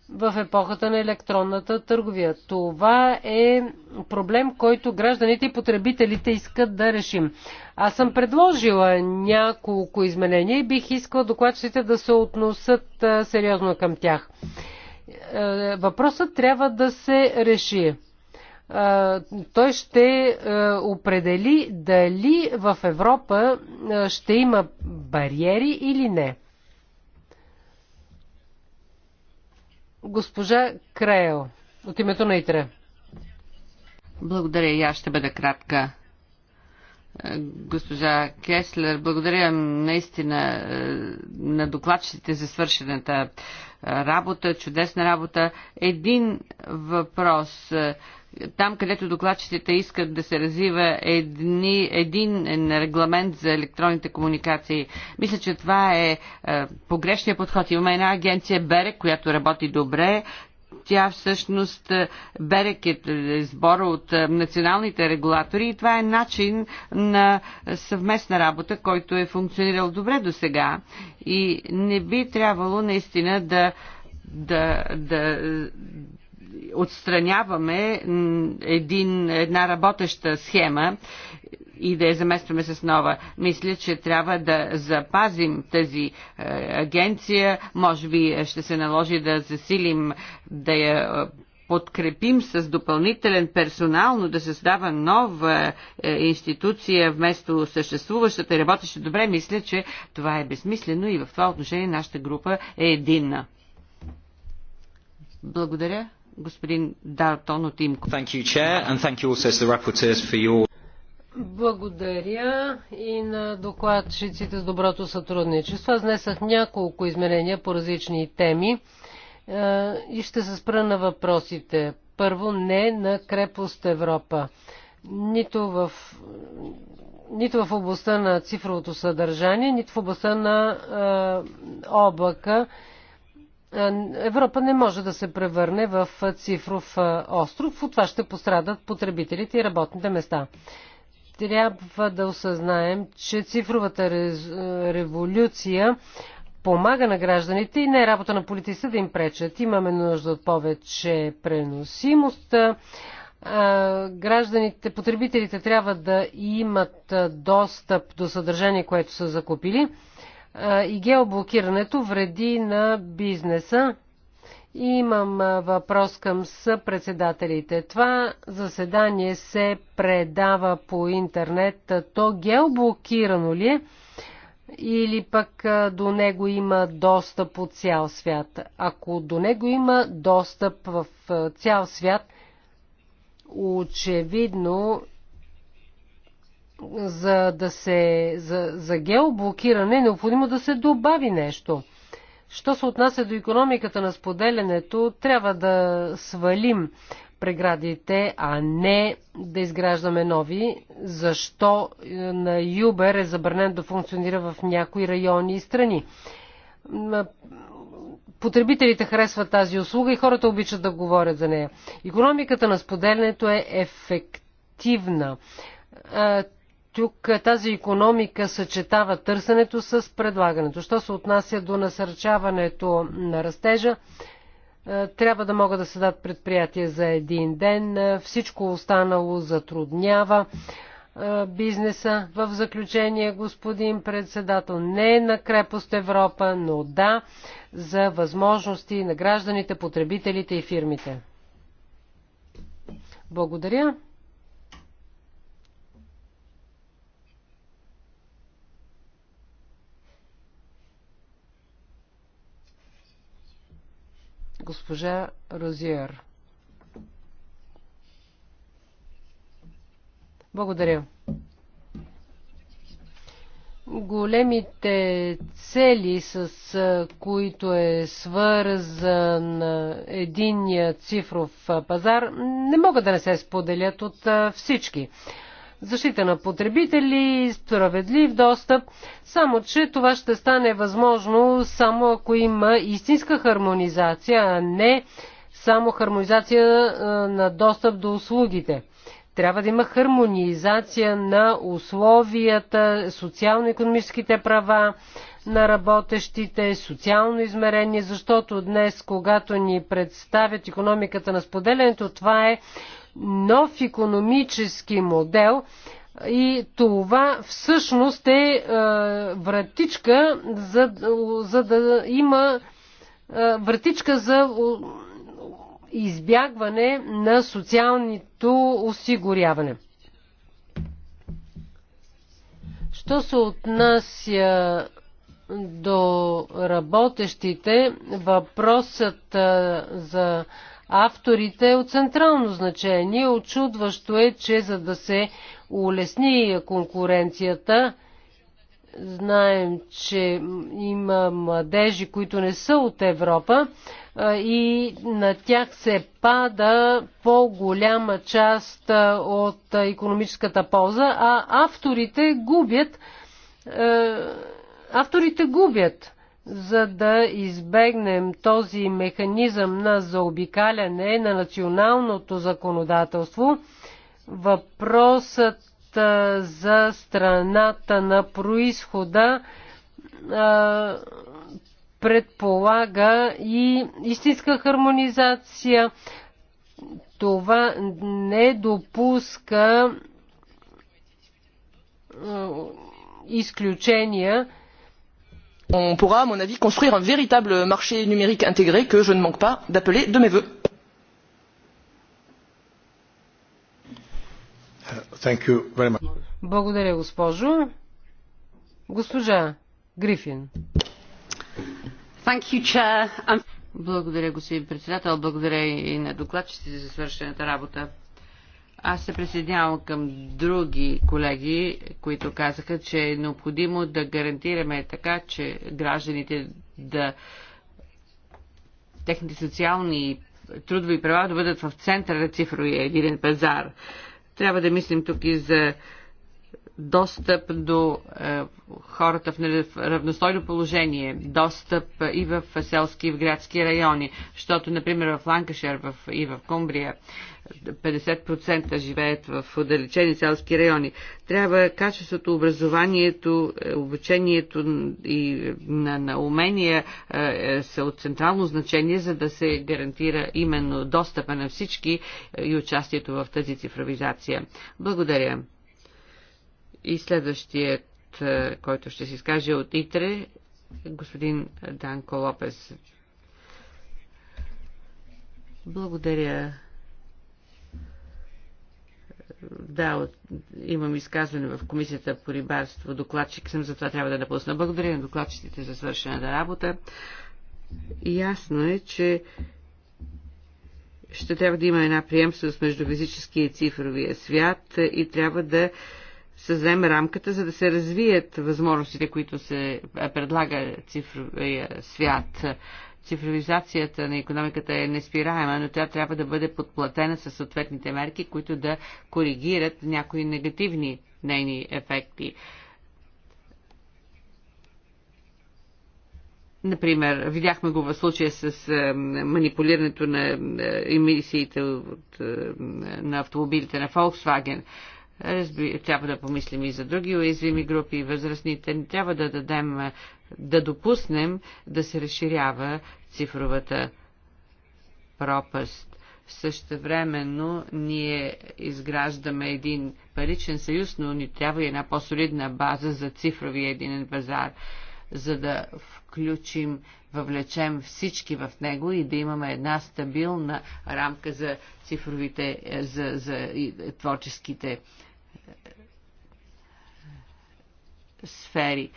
в епохата на електронната търговия. Това е проблем, който гражданите и потребителите искат да решим. Аз съм предложила няколко изменения и бих искала докладчите да се относят сериозно към тях. Е, въпросът трябва да се реши. Е, той ще е, определи дали в Европа ще има бариери или не. Госпожа Крео, от името на ИТРЕ. Благодаря и аз ще бъда кратка. Е, госпожа Кеслер, благодаря наистина е, на докладчиците за свършената работа, чудесна работа. Един въпрос е, там, където докладчиците искат да се развива едни, един регламент за електронните комуникации. Мисля, че това е, е погрешния подход. Имаме една агенция Берек, която работи добре. Тя всъщност е, Берек е, е сбора от е, националните регулатори и това е начин на съвместна работа, който е функционирал добре до сега и не би трябвало наистина да, да, да отстраняваме един, една работеща схема и да я заместваме с нова. Мисля, че трябва да запазим тази е, агенция. Може би ще се наложи да засилим, да я е, подкрепим с допълнителен персонал, но да създава нова е, институция вместо съществуващата и работеща добре, мисля, че това е безмислено и в това отношение нашата група е единна. Благодаря господин Дартон от Имко. Благодаря и на докладчиците с доброто сътрудничество. Аз внесах няколко изменения по различни теми е, и ще се спра на въпросите. Първо, не на крепост Европа. Нито в, нито в областта на цифровото съдържание, нито в областта на е, облака Европа не може да се превърне в цифров остров. От това ще пострадат потребителите и работните места. Трябва да осъзнаем, че цифровата революция помага на гражданите и не е работа на политиците да им пречат. Имаме нужда от повече преносимост. Гражданите, потребителите трябва да имат достъп до съдържание, което са закупили и геоблокирането вреди на бизнеса. И имам въпрос към съпредседателите. Това заседание се предава по интернет. То геоблокирано ли е? Или пък до него има достъп от цял свят? Ако до него има достъп в цял свят, очевидно за да се, за, за геоблокиране е необходимо да се добави нещо. Що се отнася до економиката на споделянето, трябва да свалим преградите, а не да изграждаме нови. Защо е, на Юбер е забранен да функционира в някои райони и страни? Потребителите харесват тази услуга и хората обичат да говорят за нея. Економиката на споделянето е ефективна е, тук е, тази економика съчетава търсенето с предлагането. Що се отнася до насърчаването на растежа, е, трябва да могат да се дадат предприятия за един ден. Е, всичко останало затруднява бизнеса. В заключение, господин председател, не на крепост Европа, но да за възможности на гражданите, потребителите и фирмите. Благодаря. госпожа Розиер. Благодаря. Големите цели, с които е свързан единния цифров пазар, не могат да не се споделят от всички защита на потребители, справедлив достъп, само че това ще стане възможно само ако има истинска хармонизация, а не само хармонизация на достъп до услугите. Трябва да има хармонизация на условията, социално-економическите права на работещите, социално измерение, защото днес, когато ни представят економиката на споделянето, това е нов економически модел и това всъщност е, е вратичка, за, за да има е, вратичка за избягване на социалното осигуряване. Що се отнася до работещите, въпросът за авторите е от централно значение. Очудващо е, че за да се улесни конкуренцията, Знаем, че има младежи, които не са от Европа и на тях се пада по-голяма част от економическата полза, а авторите губят. Авторите губят. За да избегнем този механизъм на заобикаляне на националното законодателство, въпросът за страната на происхода предполага и истинска хармонизация. Това не допуска изключения. On pourra, à mon avis, construire un véritable marché numérique intégré que je ne manque pas d'appeler de mes vœux. Thank you very much. Благодаря, госпожо. Госпожа Грифин. Thank you, chair. I'm... Благодаря, господин председател. Благодаря и на докладчиците за свършената работа. Аз се присъединявам към други колеги, които казаха, че е необходимо да гарантираме така, че гражданите да техните социални трудови права да бъдат в центъра на цифровия единен пазар. Трябва да мислим тук и за достъп до е, хората в равностойно положение, достъп и в селски и в градски райони, защото, например, в Ланкашер в, и в Кумбрия 50% живеят в отдалечени селски райони. Трябва качеството, образованието, е, обучението и на, на умения е, е, са от централно значение, за да се гарантира именно достъпа на всички е, и участието в тази цифровизация. Благодаря. И следващият, е, който ще се изкаже от ИТРЕ, господин Данко Лопес. Благодаря. Да, от... имам изказване в Комисията по рибарство. Докладчик съм, затова трябва да напусна. Благодаря на докладчиците за свършената работа. Ясно е, че ще трябва да има една приемственост между физическия и цифровия свят и трябва да създадем рамката, за да се развият възможностите, които се е, предлага цифровия свят. Цифровизацията на економиката е неспираема, но тя трябва да бъде подплатена със съответните мерки, които да коригират някои негативни нейни ефекти. Например, видяхме го в случая с е, манипулирането на е, емисиите на автомобилите на Volkswagen. Разби, трябва да помислим и за други уязвими групи и възрастните. Не трябва да дадем, да допуснем да се разширява цифровата пропаст. Същевременно ние изграждаме един паричен съюз, но ни трябва и една по-солидна база за цифровия единен пазар, за да включим, въвлечем всички в него и да имаме една стабилна рамка за цифровите, за, за творческите сфери.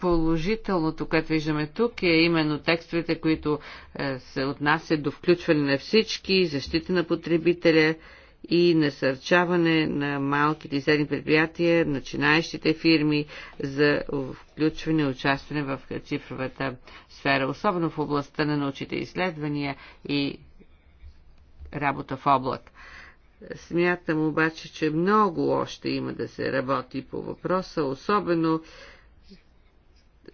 положителното, което виждаме тук, е именно текстовете, които е, се отнасят до включване на всички, защита на потребителя, и насърчаване на малките и средни предприятия, начинаещите фирми за включване и участване в цифровата сфера, особено в областта на научните изследвания и работа в облак. Смятам обаче, че много още има да се работи по въпроса, особено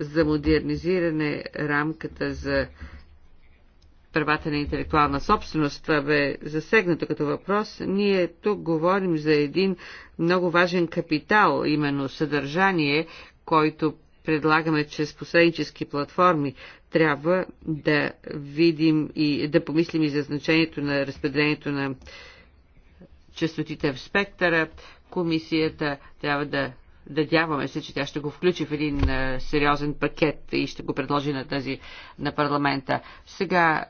за модернизиране рамката за правата на интелектуална собственост. Това бе засегнато като въпрос. Ние тук говорим за един много важен капитал, именно съдържание, който предлагаме чрез посреднически платформи. Трябва да видим и да помислим и за значението на разпределението на частотите в спектъра. Комисията трябва да Надяваме се, че тя ще го включи в един сериозен пакет и ще го предложи на тази на парламента. Сега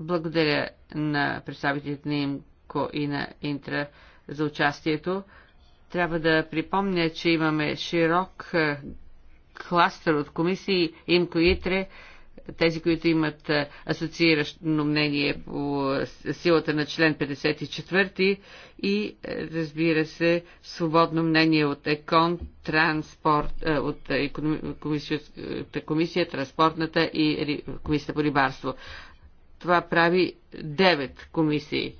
благодаря на представителите на ИМКО и на Интра за участието. Трябва да припомня, че имаме широк е, кластър от комисии ИМКО и ИТРЕ, тези, които имат е, асоцииращо мнение по е, силата на член 54 и разбира се свободно мнение от ЕКОН, транспорт, от комисията, комисия, транспортната и комисията по рибарство. Това прави 9 комисии.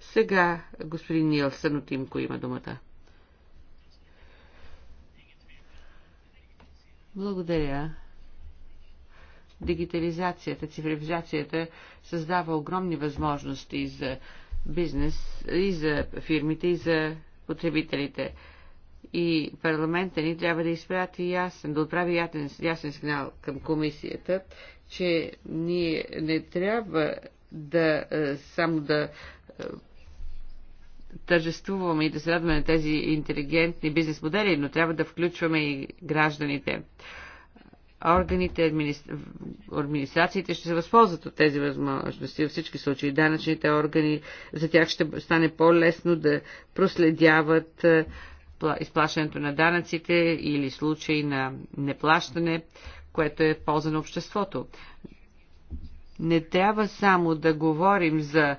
Сега господин Нилсън от Имко има думата. Благодаря. Дигитализацията, цифровизацията създава огромни възможности за бизнес, и за фирмите, и за потребителите и парламента ни трябва да изпрати ясен, да отправи ясен, ясен сигнал към комисията, че ние не трябва да е, само да е, тържествуваме и да се радваме на тези интелигентни бизнес модели, но трябва да включваме и гражданите. Органите, администра... администрациите ще се възползват от тези възможности във всички случаи. Данъчните органи, за тях ще стане по-лесно да проследяват е, изплащането на данъците или случаи на неплащане, което е в полза на обществото. Не трябва само да говорим за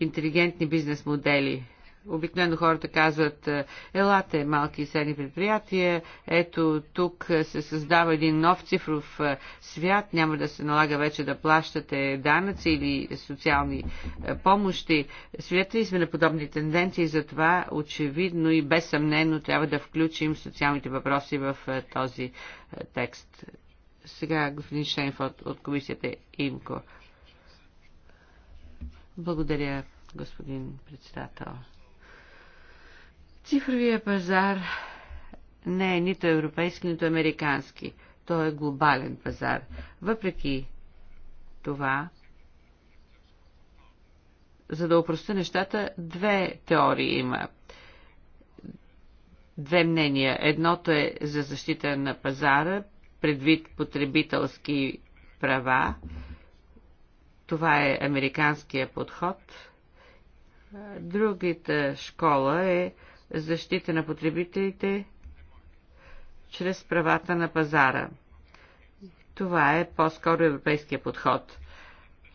интелигентни бизнес модели. Обикновено хората казват, е, елате малки и средни предприятия, ето тук се създава един нов цифров е, свят, няма да се налага вече да плащате данъци или социални е, помощи. Свидетели сме на подобни тенденции, затова очевидно и безсъмнено трябва да включим социалните въпроси в този текст. Сега господин от, от комисията ИМКО. Благодаря, господин председател. Цифровия пазар не е нито европейски, нито американски. Той е глобален пазар. Въпреки това, за да упростя нещата, две теории има. Две мнения. Едното е за защита на пазара, предвид потребителски права. Това е американския подход. Другата школа е защита на потребителите чрез правата на пазара. Това е по-скоро европейския подход.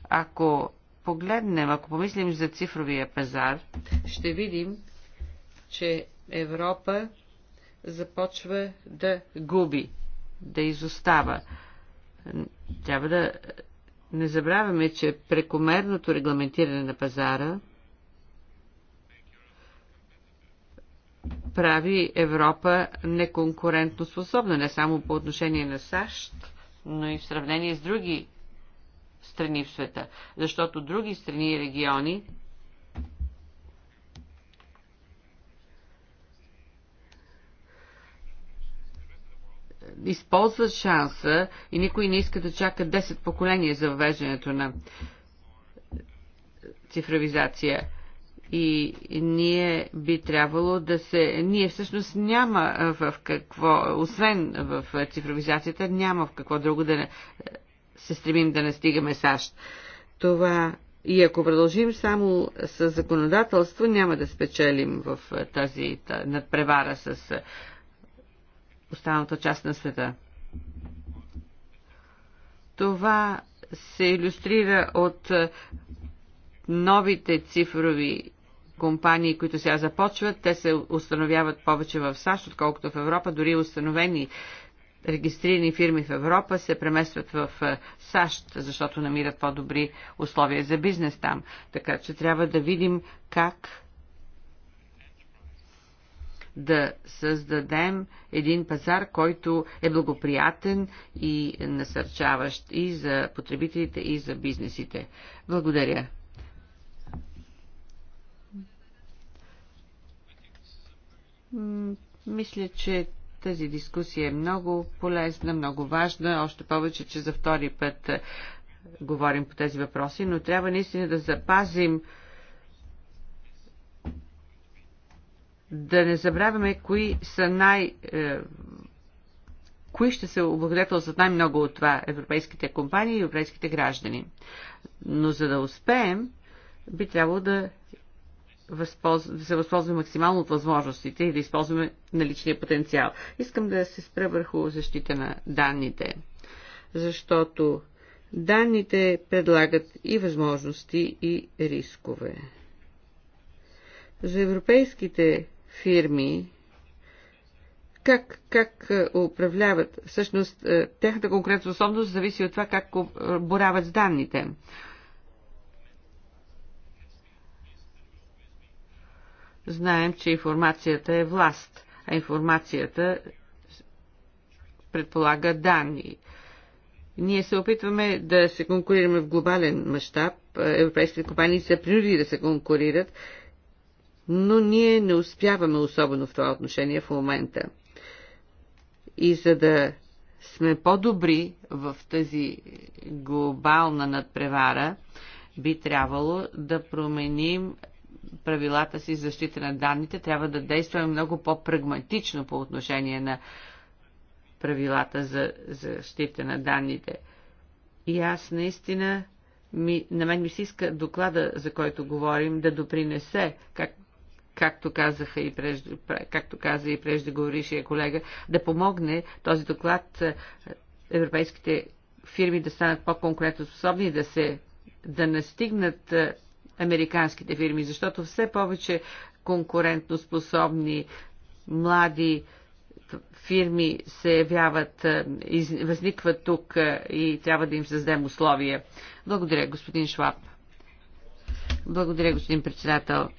Ако погледнем, ако помислим за цифровия пазар, ще видим, че Европа започва да губи, да изостава. Трябва да не забравяме, че прекомерното регламентиране на пазара – прави Европа неконкурентно способна, не само по отношение на САЩ, но и в сравнение с други страни в света. Защото други страни и региони използват шанса и никой не иска да чака 10 поколения за въвеждането на цифровизация и ние би трябвало да се... Ние всъщност няма в какво, освен в цифровизацията, няма в какво друго да се стремим да настигаме САЩ. Това и ако продължим само с законодателство, няма да спечелим в тази надпревара с останалата част на света. Това се иллюстрира от новите цифрови компании, които сега започват, те се установяват повече в САЩ, отколкото в Европа, дори установени регистрирани фирми в Европа се преместват в е, САЩ, защото намират по-добри условия за бизнес там. Така че трябва да видим как да създадем един пазар, който е благоприятен и насърчаващ и за потребителите, и за бизнесите. Благодаря. Мисля, че тази дискусия е много полезна, много важна, още повече, че за втори път е, говорим по тези въпроси, но трябва наистина да запазим да не забравяме кои са най... Е, кои ще се облагодетелстват най-много от това европейските компании и европейските граждани. Но за да успеем, би трябвало да възползв... се възползваме максимално от възможностите и да използваме наличния потенциал. Искам да се спра върху защита на данните, защото данните предлагат и възможности, и рискове. За европейските фирми, как, как е, управляват, всъщност е, тяхната конкурентоспособност зависи от това как е, борават с данните. Знаем, че информацията е власт, а информацията предполага данни. Ние се опитваме да се конкурираме в глобален мащаб. Европейските компании са принудени да се конкурират, но ние не успяваме особено в това отношение в момента. И за да сме по-добри в тази глобална надпревара, би трябвало да променим правилата си защита на данните, трябва да действаме много по-прагматично по отношение на правилата за защита на данните. И аз наистина, ми, на мен ми се иска доклада, за който говорим, да допринесе, как, както, казаха и прежде, както каза и преждеговорившия колега, да помогне този доклад европейските фирми да станат по-конкурентоспособни, да се да настигнат американските фирми, защото все повече конкурентоспособни млади фирми се явяват, е, из, възникват тук е, и трябва да им създадем условия. Благодаря, господин Шваб. Благодаря, господин председател.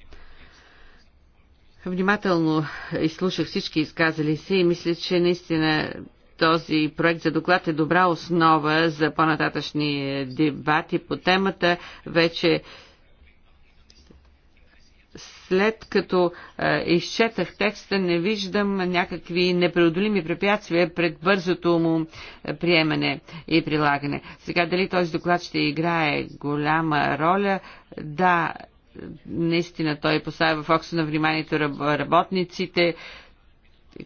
Внимателно изслушах всички изказали се и мисля, че наистина този проект за доклад е добра основа за по-нататъчни дебати по темата. Вече след като е, изчетах текста, не виждам някакви непреодолими препятствия пред бързото му е, приемане и прилагане. Сега дали този доклад ще играе голяма роля? Да, наистина той поставя в фокуса на вниманието работниците,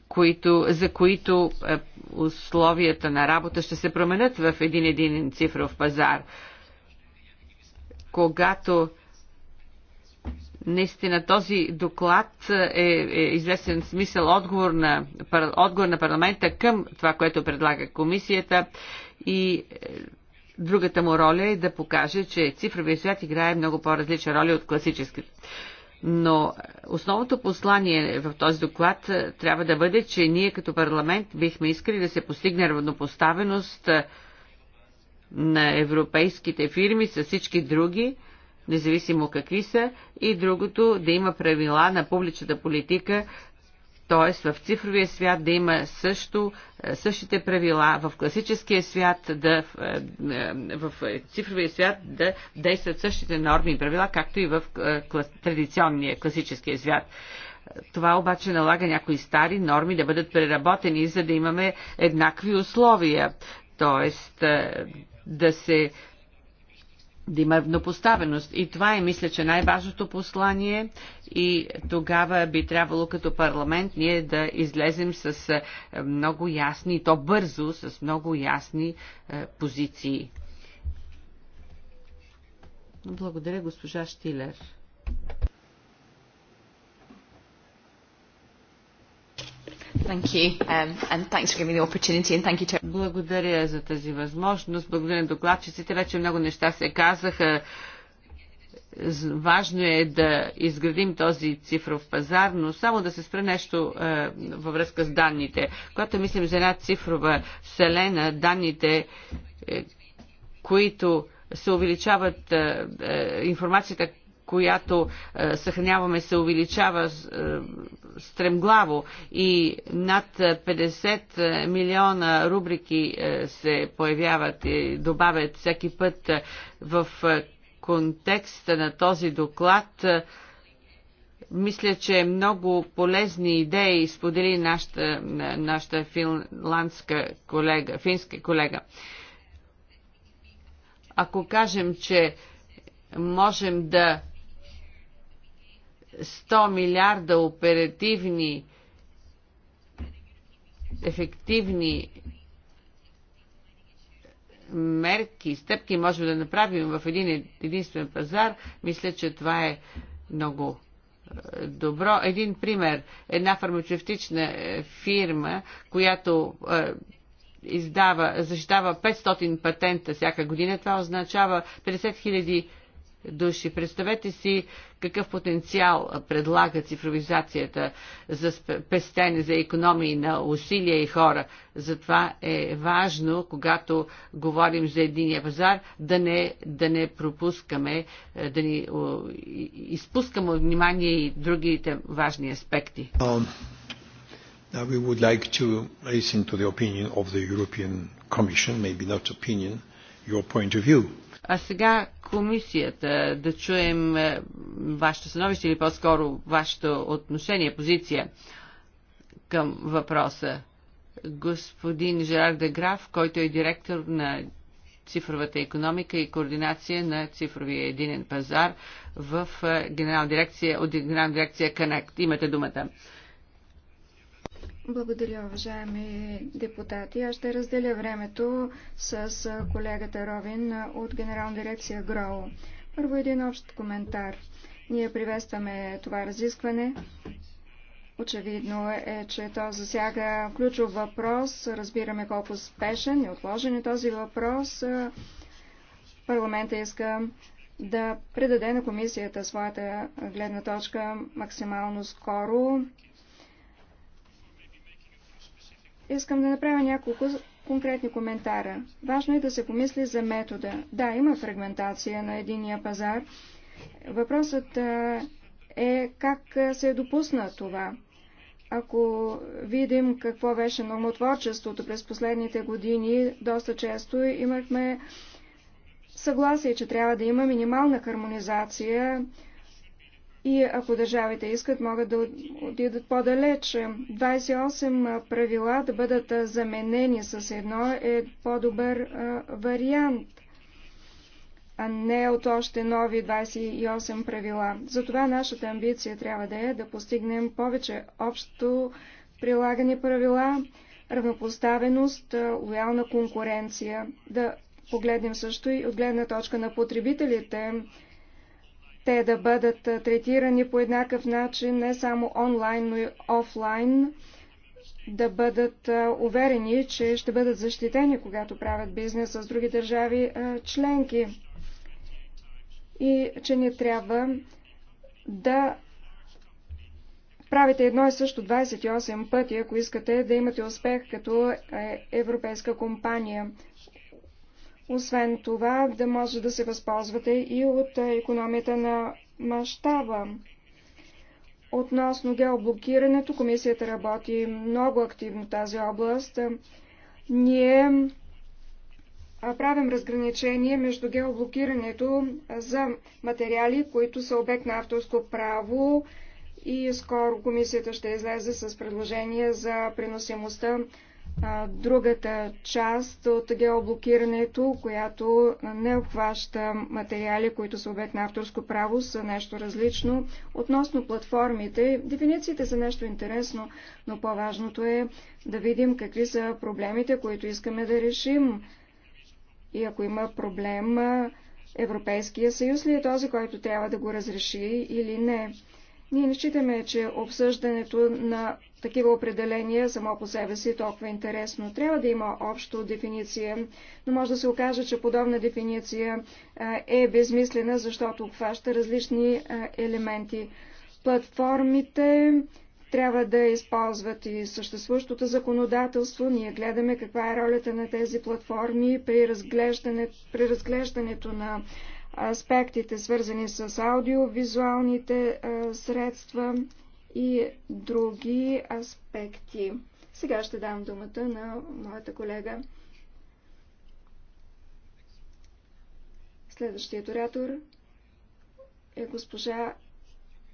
които, за които е, условията на работа ще се променят в един един цифров пазар. Когато Наистина този доклад е, е известен смисъл отговор на, отговор на парламента към това, което предлага комисията и е, другата му роля е да покаже, че цифровия свят играе много по-различна роля от класическите. Но е, основното послание в този доклад е, трябва да бъде, че ние като парламент бихме искали да се постигне равнопоставеност на европейските фирми с всички други, независимо какви са, и другото да има правила на публичната политика, т.е. в цифровия свят да има също, е, същите правила, в класическия свят да, е, е, в цифровия свят да действат същите норми и правила, както и в традиционния класическия свят. Това обаче налага някои стари норми да бъдат преработени, за да имаме еднакви условия, т.е. да се да има равнопоставеност. И това е, мисля, че най-важното послание и тогава би трябвало като парламент ние да излезем с е, много ясни, и то бързо, с много ясни е, позиции. Благодаря, госпожа Штилер. To... Благодаря за тази възможност. Благодаря на докладчиците. Вече много неща се казаха. Важно е да изградим този цифров пазар, но само да се спре нещо е, във връзка с данните. Когато мислим за една цифрова вселена, данните, е, които се увеличават, е, е информацията, която е, съхраняваме, се увеличава е, стремглаво и над 50 е, милиона рубрики се появяват и добавят всеки път в контекста на този доклад мисля, че много полезни идеи сподели нашата, нашата финландска колега, финска колега. Ако кажем, че можем да 100 милиарда оперативни, ефективни мерки, стъпки можем да направим в един единствен пазар, мисля, че това е много е, добро. Един пример. Една фармацевтична е, фирма, която е, издава, защитава 500 патента всяка година, това означава 50 000 души. Представете си какъв потенциал предлага цифровизацията за пестене, за економии на усилия и хора. Затова е важно, когато говорим за единия пазар, да не, да не пропускаме, е, да ни изпускаме внимание и другите важни аспекти. Um, now we would like to listen to the opinion of the European Commission, maybe not opinion, your point of view. А сега комисията да чуем е, вашето становище или по-скоро вашето отношение, позиция към въпроса. Господин Жерар Деграф, който е директор на цифровата економика и координация на цифровия единен пазар в е, генерална дирекция, от генерална дирекция Connect. Имате думата. Благодаря, уважаеми депутати. Аз ще разделя времето с колегата Ровин от Генерална дирекция ГРОУ. Първо един общ коментар. Ние приветстваме това разискване. Очевидно е, че то засяга ключов въпрос. Разбираме колко спешен и отложен е този въпрос. Парламента иска да предаде на комисията своята гледна точка максимално скоро. Искам да направя няколко конкретни коментара. Важно е да се помисли за метода. Да, има фрагментация на единия пазар. Въпросът е как се е допусна това. Ако видим какво беше нормотворчеството през последните години, доста често имахме съгласие, че трябва да има минимална хармонизация и ако държавите искат, могат да отидат по далече 28 правила да бъдат заменени с едно е по-добър вариант, а не от още нови 28 правила. Затова нашата амбиция трябва да е да постигнем повече общо прилагани правила, равнопоставеност, лоялна конкуренция, да погледнем също и от гледна точка на потребителите, те да бъдат третирани по еднакъв начин, не само онлайн, но и офлайн, да бъдат уверени, че ще бъдат защитени, когато правят бизнес с други държави членки и че не трябва да правите едно и също 28 пъти, ако искате да имате успех като е, европейска компания. Освен това, да може да се възползвате и от економията на мащаба. Относно геоблокирането, комисията работи много активно в тази област. Ние правим разграничение между геоблокирането за материали, които са обект на авторско право и скоро комисията ще излезе с предложение за приносимостта другата част от геоблокирането, която не обхваща материали, които са обект на авторско право, са нещо различно. Относно платформите, дефинициите са нещо интересно, но по-важното е да видим какви са проблемите, които искаме да решим. И ако има проблем, Европейския съюз ли е този, който трябва да го разреши или не? Ние не считаме, че обсъждането на такива определения само по себе си толкова интересно. Трябва да има общо дефиниция, но може да се окаже, че подобна дефиниция е безмислена, защото обхваща различни елементи. Платформите трябва да използват и съществуващото законодателство. Ние гледаме каква е ролята на тези платформи при, разглеждане, при разглеждането на аспектите, свързани с аудиовизуалните средства и други аспекти. Сега ще дам думата на моята колега. Следващият оратор е госпожа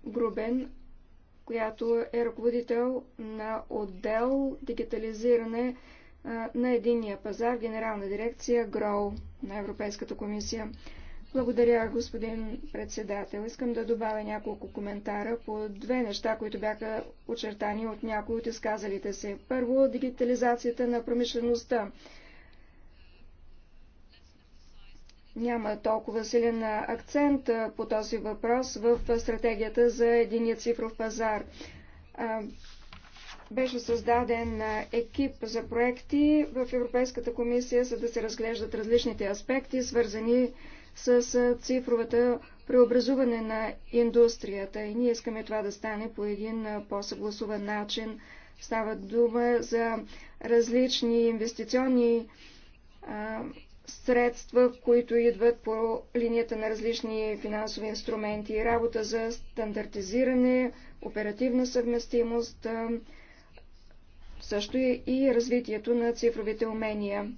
Грубен, която е ръководител на отдел дигитализиране на единния пазар, генерална дирекция ГРОУ на Европейската комисия. Благодаря, господин председател. Искам да добавя няколко коментара по две неща, които бяха очертани от някои от изказалите се. Първо, дигитализацията на промишлеността. Няма толкова силен акцент по този въпрос в стратегията за единия цифров пазар. Беше създаден екип за проекти в Европейската комисия, за да се разглеждат различните аспекти, свързани с с цифровата преобразуване на индустрията и ние искаме това да стане по един по-съгласуван начин. Става дума за различни инвестиционни а, средства, които идват по линията на различни финансови инструменти, работа за стандартизиране, оперативна съвместимост, а, също и развитието на цифровите умения.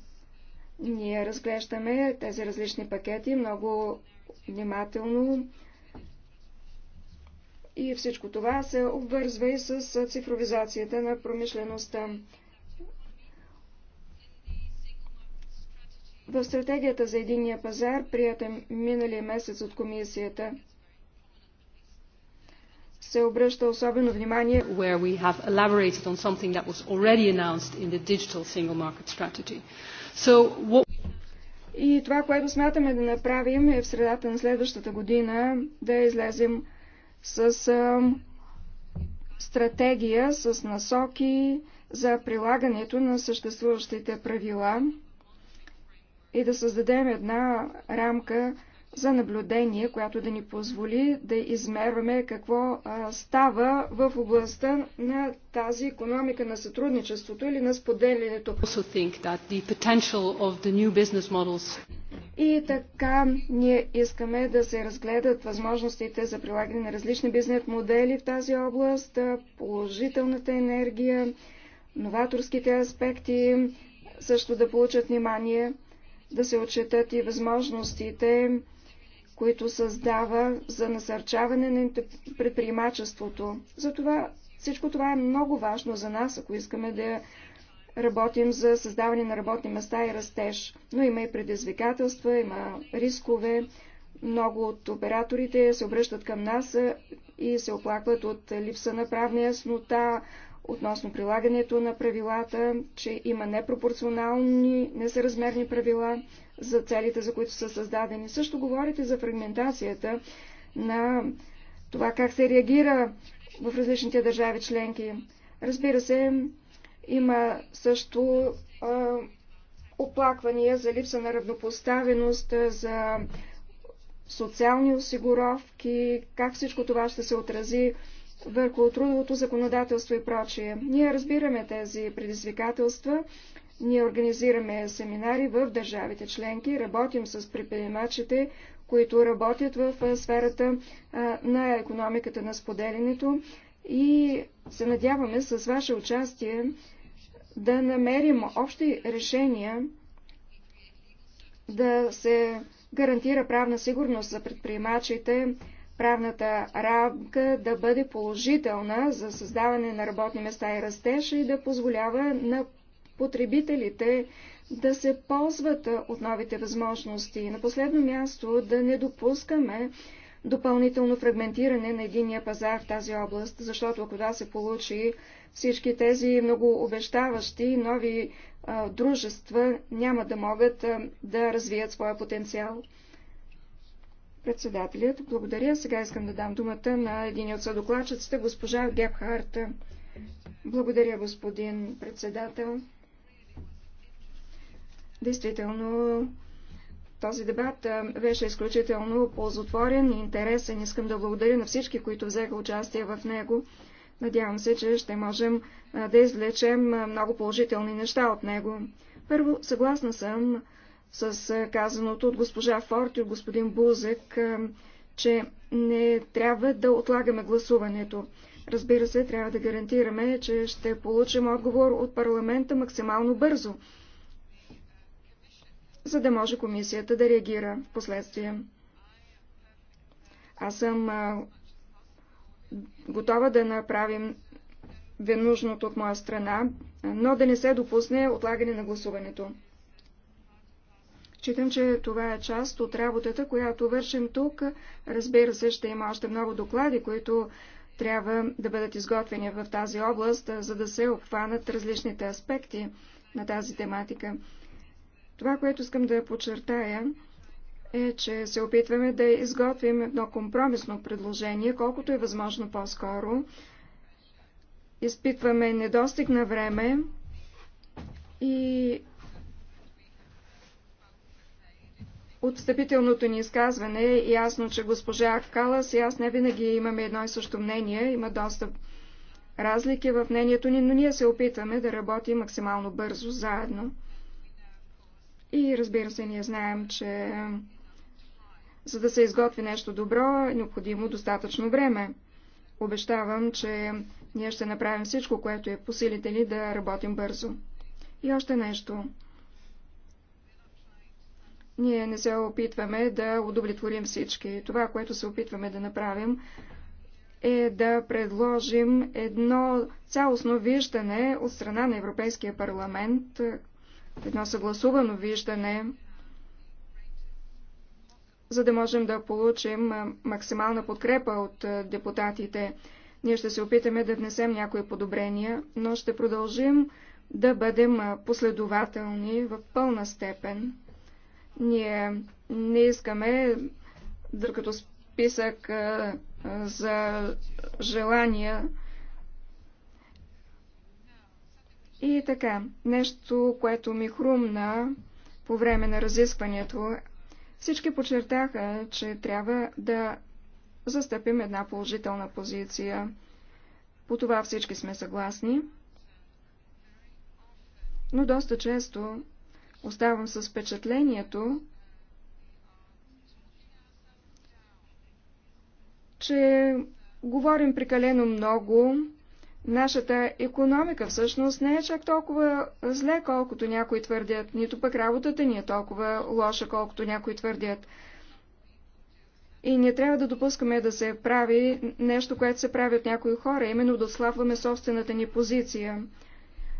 Ние разглеждаме тези различни пакети много внимателно и всичко това се обвързва и с цифровизацията на промишлеността. В стратегията за единния пазар, прията миналия месец от комисията, се обръща особено внимание where we have elaborated on something that was already announced in the digital single market strategy. Uh, So, what... И това, което смятаме да направим е в средата на следващата година да излезем с а, стратегия, с насоки за прилагането на съществуващите правила и да създадем една рамка за наблюдение, която да ни позволи да измерваме какво става в областта на тази економика на сътрудничеството или на споделянето. И така ние искаме да се разгледат възможностите за прилагане на различни бизнес модели в тази област, положителната енергия, новаторските аспекти също да получат внимание, да се отчетат и възможностите които създава за насърчаване на предприемачеството. Затова всичко това е много важно за нас, ако искаме да работим за създаване на работни места и растеж. Но има и предизвикателства, има рискове. Много от операторите се обръщат към нас и се оплакват от липса на правна яснота, относно прилагането на правилата, че има непропорционални, несъразмерни правила за целите, за които са създадени. Също говорите за фрагментацията на това как се реагира в различните държави членки. Разбира се, има също а, оплаквания за липса на равнопоставеност, за социални осигуровки, как всичко това ще се отрази върху трудовото законодателство и прочие. Ние разбираме тези предизвикателства, ние организираме семинари в държавите членки, работим с предприемачите, които работят в сферата на економиката на споделянето и се надяваме с ваше участие да намерим общи решения да се гарантира правна сигурност за предприемачите, правната рамка да бъде положителна за създаване на работни места и растеж и да позволява на потребителите да се ползват от новите възможности. На последно място да не допускаме допълнително фрагментиране на единия пазар в тази област, защото ако това се получи, всички тези много обещаващи нови а, дружества няма да могат а, да развият своя потенциал. Председателят, благодаря. Сега искам да дам думата на един от съдокладчиците, госпожа Гебхарт. Благодаря, господин председател. Действително, този дебат беше изключително ползотворен и интересен. Искам да благодаря на всички, които взеха участие в него. Надявам се, че ще можем да извлечем много положителни неща от него. Първо, съгласна съм с е, казаното от госпожа Форт и от господин Бузек, е, че не трябва да отлагаме гласуването. Разбира се, трябва да гарантираме, че ще получим отговор от парламента максимално бързо, за да може комисията да реагира в последствие. Аз съм е, готова да направим венужното от моя страна, но да не се допусне отлагане на гласуването. Читам, че това е част от работата, която вършим тук. Разбира се, ще има още много доклади, които трябва да бъдат изготвени в тази област, за да се обхванат различните аспекти на тази тематика. Това, което искам да подчертая, е, че се опитваме да изготвим едно компромисно предложение, колкото е възможно по-скоро. Изпитваме недостиг на време и От встъпителното ни изказване е ясно, че госпожа Калас и аз не винаги имаме едно и също мнение, има доста разлики в мнението ни, но ние се опитваме да работим максимално бързо заедно. И разбира се, ние знаем, че за да се изготви нещо добро, е необходимо достатъчно време. Обещавам, че ние ще направим всичко, което е по силите ни да работим бързо. И още нещо. Ние не се опитваме да удовлетворим всички. Това, което се опитваме да направим, е да предложим едно цялостно виждане от страна на Европейския парламент, едно съгласувано виждане, за да можем да получим максимална подкрепа от депутатите. Ние ще се опитаме да внесем някои подобрения, но ще продължим да бъдем последователни в пълна степен. Ние не искаме друг като списък за желания. И така, нещо, което ми хрумна по време на разискването, всички подчертаха, че трябва да застъпим една положителна позиция. По това всички сме съгласни. Но доста често оставам с впечатлението, че говорим прекалено много. Нашата економика всъщност не е чак толкова зле, колкото някои твърдят, нито пък работата ни е толкова лоша, колкото някои твърдят. И не трябва да допускаме да се прави нещо, което се прави от някои хора, именно да отслабваме собствената ни позиция.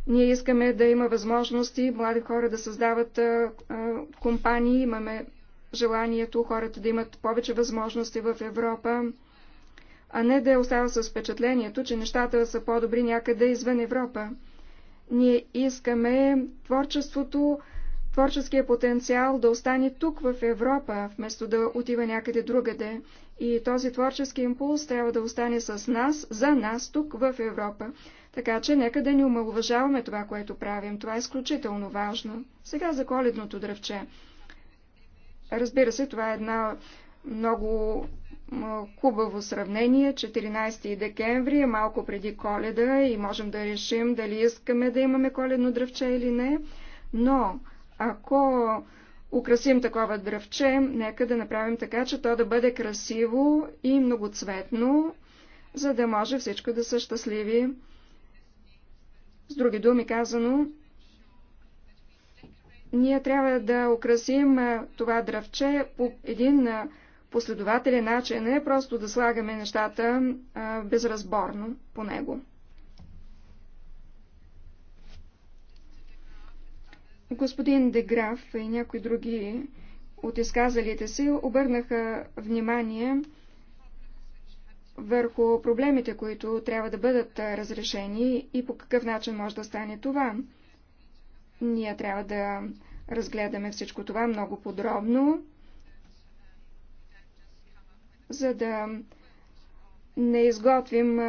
Ние искаме да има възможности млади хора да създават а, а, компании. Имаме желанието хората да имат повече възможности в Европа, а не да е остава с впечатлението, че нещата са по-добри някъде извън Европа. Ние искаме творчеството, творческия потенциал да остане тук в Европа, вместо да отива някъде другаде. И този творчески импулс трябва да остане с нас, за нас тук в Европа. Така че нека да ни омалуважаваме това, което правим. Това е изключително важно. Сега за коледното дръвче. Разбира се, това е една много хубаво сравнение. 14 декември е малко преди коледа и можем да решим дали искаме да имаме коледно дръвче или не. Но ако украсим такова дръвче, нека да направим така, че то да бъде красиво и многоцветно, за да може всичко да са щастливи. С други думи казано, ние трябва да украсим това дръвче по един последователен начин, не просто да слагаме нещата безразборно по него. Господин Деграф и някои други от изказалите си обърнаха внимание върху проблемите, които трябва да бъдат разрешени и по какъв начин може да стане това. Ние трябва да разгледаме всичко това много подробно, за да не изготвим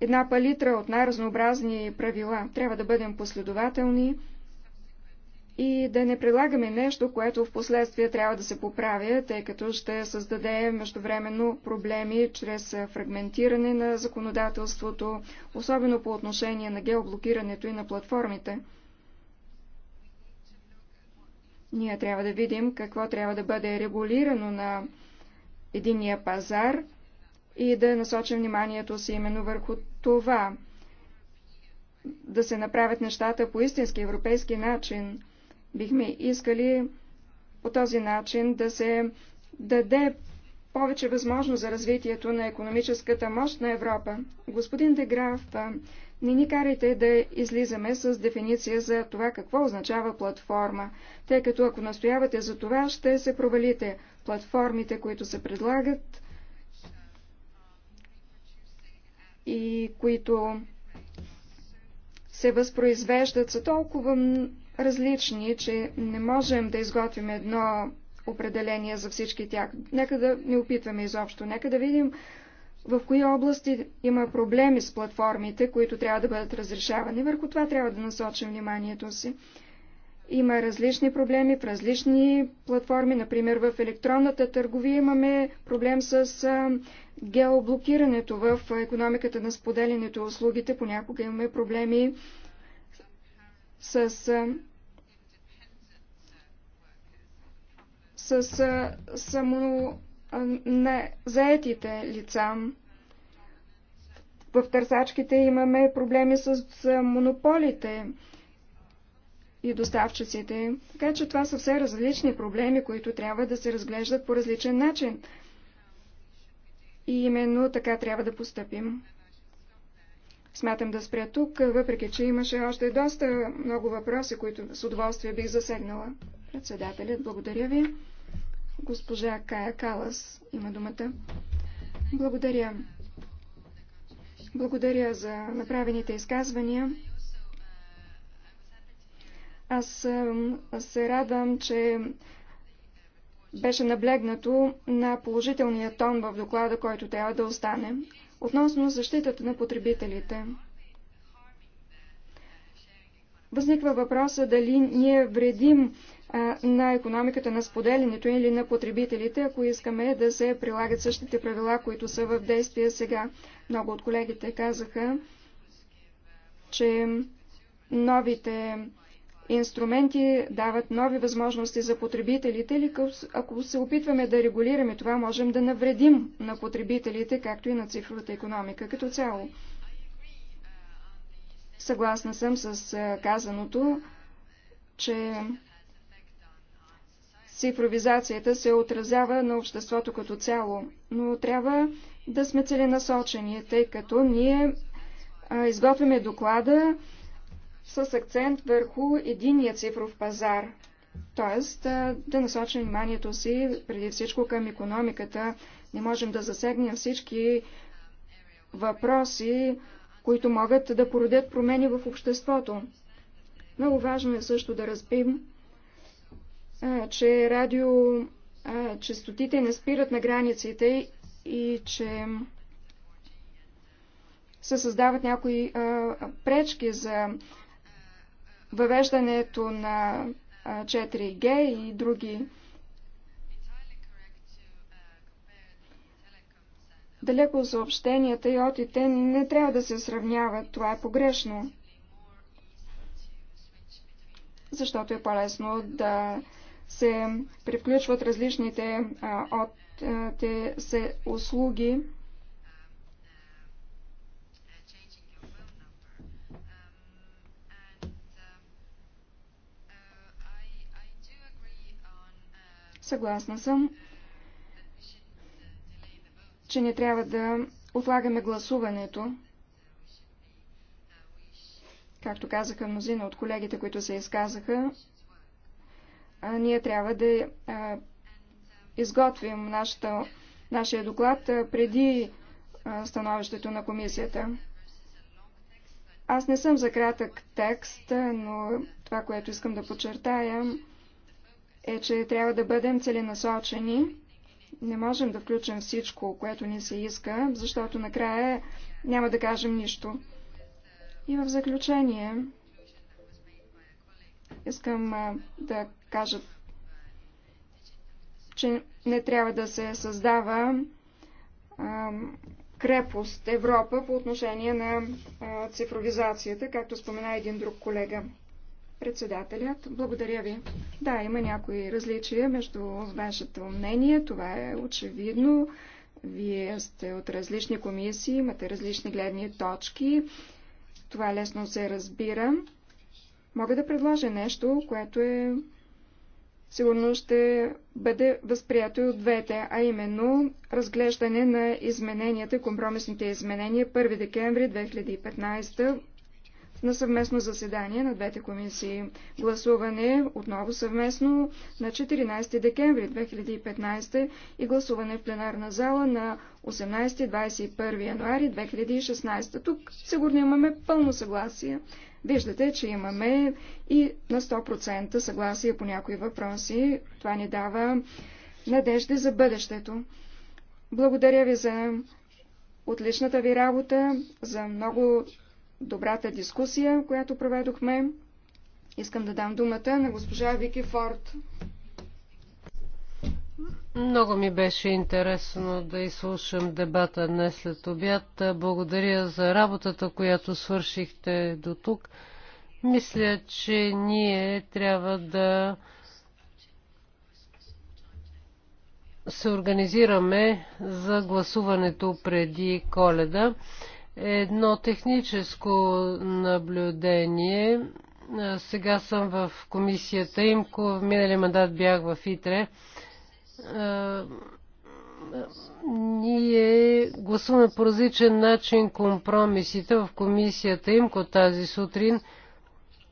една палитра от най-разнообразни правила. Трябва да бъдем последователни и да не прилагаме нещо, което в последствие трябва да се поправя, тъй като ще създаде междувременно проблеми чрез фрагментиране на законодателството, особено по отношение на геоблокирането и на платформите. Ние трябва да видим какво трябва да бъде регулирано на единия пазар и да насочим вниманието си именно върху това да се направят нещата по истински европейски начин, Бихме искали по този начин да се даде повече възможност за развитието на економическата мощ на Европа. Господин Деграф, не ни карайте да излизаме с дефиниция за това какво означава платформа, тъй като ако настоявате за това, ще се провалите. Платформите, които се предлагат и които се възпроизвеждат, са толкова различни, че не можем да изготвим едно определение за всички тях. Нека да не опитваме изобщо. Нека да видим в кои области има проблеми с платформите, които трябва да бъдат разрешавани. Върху това трябва да насочим вниманието си. Има различни проблеми в различни платформи. Например, в електронната търговия имаме проблем с геоблокирането в економиката на споделянето услугите. Понякога имаме проблеми с, с само не, заетите лица. В търсачките имаме проблеми с монополите и доставчиците. Така че това са все различни проблеми, които трябва да се разглеждат по различен начин. И именно така трябва да поступим. Смятам да спря тук, въпреки че имаше още доста много въпроси, които с удоволствие бих засегнала. Председателят, благодаря ви. Госпожа Кая Калас има думата. Благодаря. Благодаря за направените изказвания. Аз се радвам, че беше наблегнато на положителния тон в доклада, който трябва да остане. Относно защитата на потребителите. Възниква въпроса дали ние вредим на економиката на споделянето или на потребителите, ако искаме да се прилагат същите правила, които са в действие сега. Много от колегите казаха, че новите инструменти дават нови възможности за потребителите или ако се опитваме да регулираме това, можем да навредим на потребителите, както и на цифровата економика като цяло. Съгласна съм с казаното, че цифровизацията се отразява на обществото като цяло, но трябва да сме целенасочени, тъй като ние изготвяме доклада с акцент върху единия цифров пазар, т.е. да насочим вниманието си преди всичко към економиката. Не можем да засегнем всички въпроси, които могат да породят промени в обществото. Много важно е също да разбим, че радио частотите не спират на границите и че се създават някои пречки за въвеждането на 4G и други. Далеко съобщенията и отите не трябва да се сравняват. Това е погрешно. Защото е по-лесно да се приключват различните от те се услуги. Съгласна съм, че не трябва да отлагаме гласуването, както казаха мнозина от колегите, които се изказаха, а, ние трябва да а, изготвим нашата, нашия доклад а, преди а, становището на комисията. Аз не съм за кратък текст, но това, което искам да подчертая, е, че трябва да бъдем целенасочени. Не можем да включим всичко, което ни се иска, защото накрая няма да кажем нищо. И в заключение искам да кажа, че не трябва да се създава крепост Европа по отношение на цифровизацията, както спомена един друг колега. Председателят, благодаря ви. Да, има някои различия между вашето мнение, това е очевидно. Вие сте от различни комисии, имате различни гледни точки. Това лесно се разбира. Мога да предложа нещо, което е сигурно ще бъде възприето и от двете, а именно разглеждане на измененията, компромисните изменения 1 декември 2015 на съвместно заседание на двете комисии. Гласуване отново съвместно на 14 декември 2015 и гласуване в пленарна зала на 18-21 януари 2016. Тук сигурно имаме пълно съгласие. Виждате, че имаме и на 100% съгласие по някои въпроси. Това ни дава надежда за бъдещето. Благодаря ви за отличната ви работа, за много добрата дискусия, която проведохме. Искам да дам думата на госпожа Вики Форд. Много ми беше интересно да изслушам дебата днес след обяд. Благодаря за работата, която свършихте до тук. Мисля, че ние трябва да се организираме за гласуването преди коледа. Едно техническо наблюдение. Сега съм в комисията В Минали мандат бях в ИТРЕ. Ние гласуваме по различен начин компромисите в комисията ИМКО Тази сутрин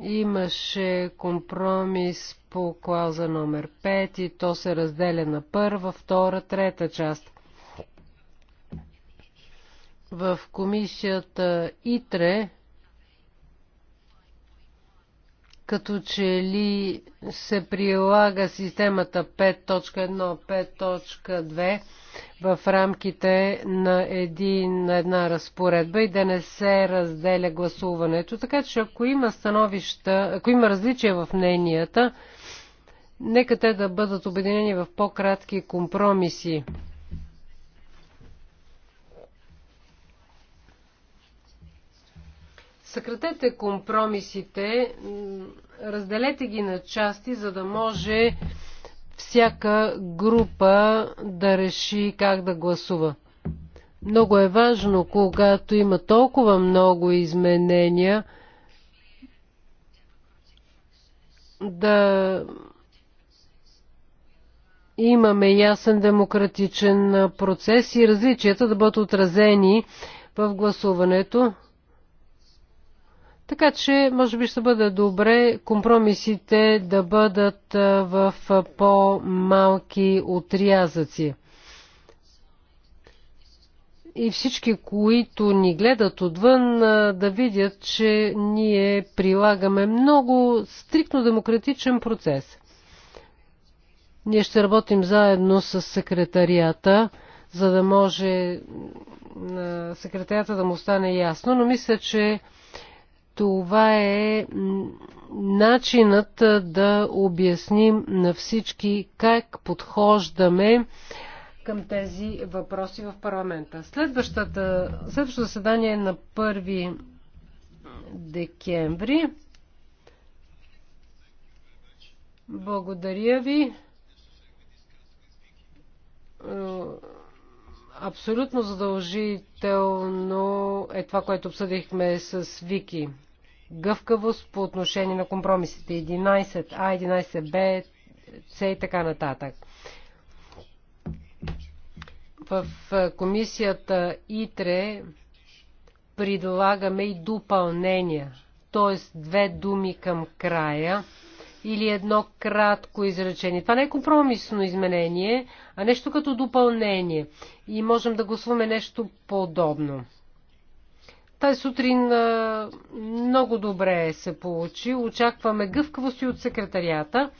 имаше компромис по клауза номер 5 и то се разделя на първа, втора, трета част. В комисията ИТРЕ като че ли се прилага системата 5.1, 5.2 в рамките на, един, на една разпоредба и да не се разделя гласуването. Така че ако има становища, ако има различия в мненията, нека те да бъдат обединени в по-кратки компромиси. съкратете компромисите, разделете ги на части, за да може всяка група да реши как да гласува. Много е важно, когато има толкова много изменения, да имаме ясен демократичен процес и различията да бъдат отразени в гласуването. Така че, може би ще бъде добре компромисите да бъдат в по-малки отрязъци. И всички, които ни гледат отвън, да видят, че ние прилагаме много стрикно демократичен процес. Ние ще работим заедно с секретарията, за да може секретарията да му стане ясно, но мисля, че това е начинът да обясним на всички как подхождаме към тези въпроси в парламента. Следващата, следващото заседание е на 1 декември. Благодаря ви. Е, абсолютно задължително е това, което обсъдихме с Вики гъвкавост по отношение на компромисите 11А, 11Б, С и така нататък. В комисията ИТРЕ предлагаме и допълнения, т.е. две думи към края или едно кратко изречение. Това не е компромисно изменение, а нещо като допълнение. И можем да гласуваме нещо подобно. Тази сутрин много добре се получи. Очакваме гъвкавост и от секретарията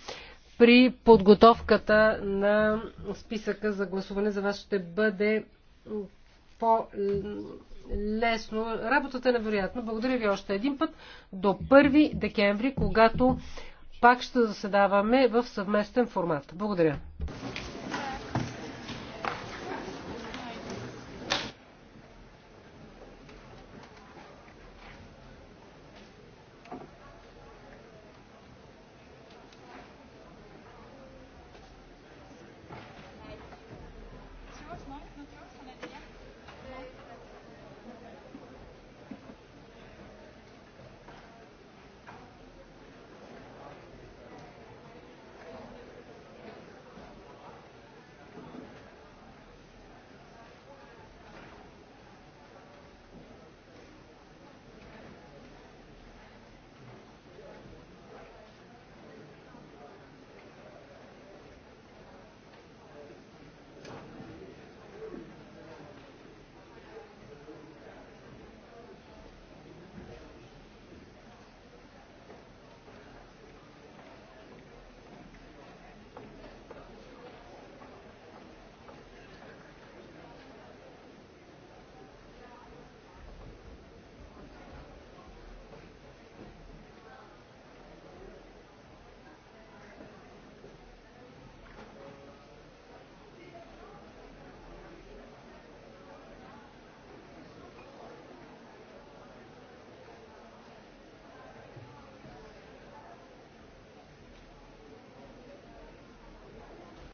при подготовката на списъка за гласуване за вас ще бъде по-лесно. Работата е невероятна. Благодаря ви още един път. До 1 декември, когато пак ще заседаваме в съвместен формат. Благодаря.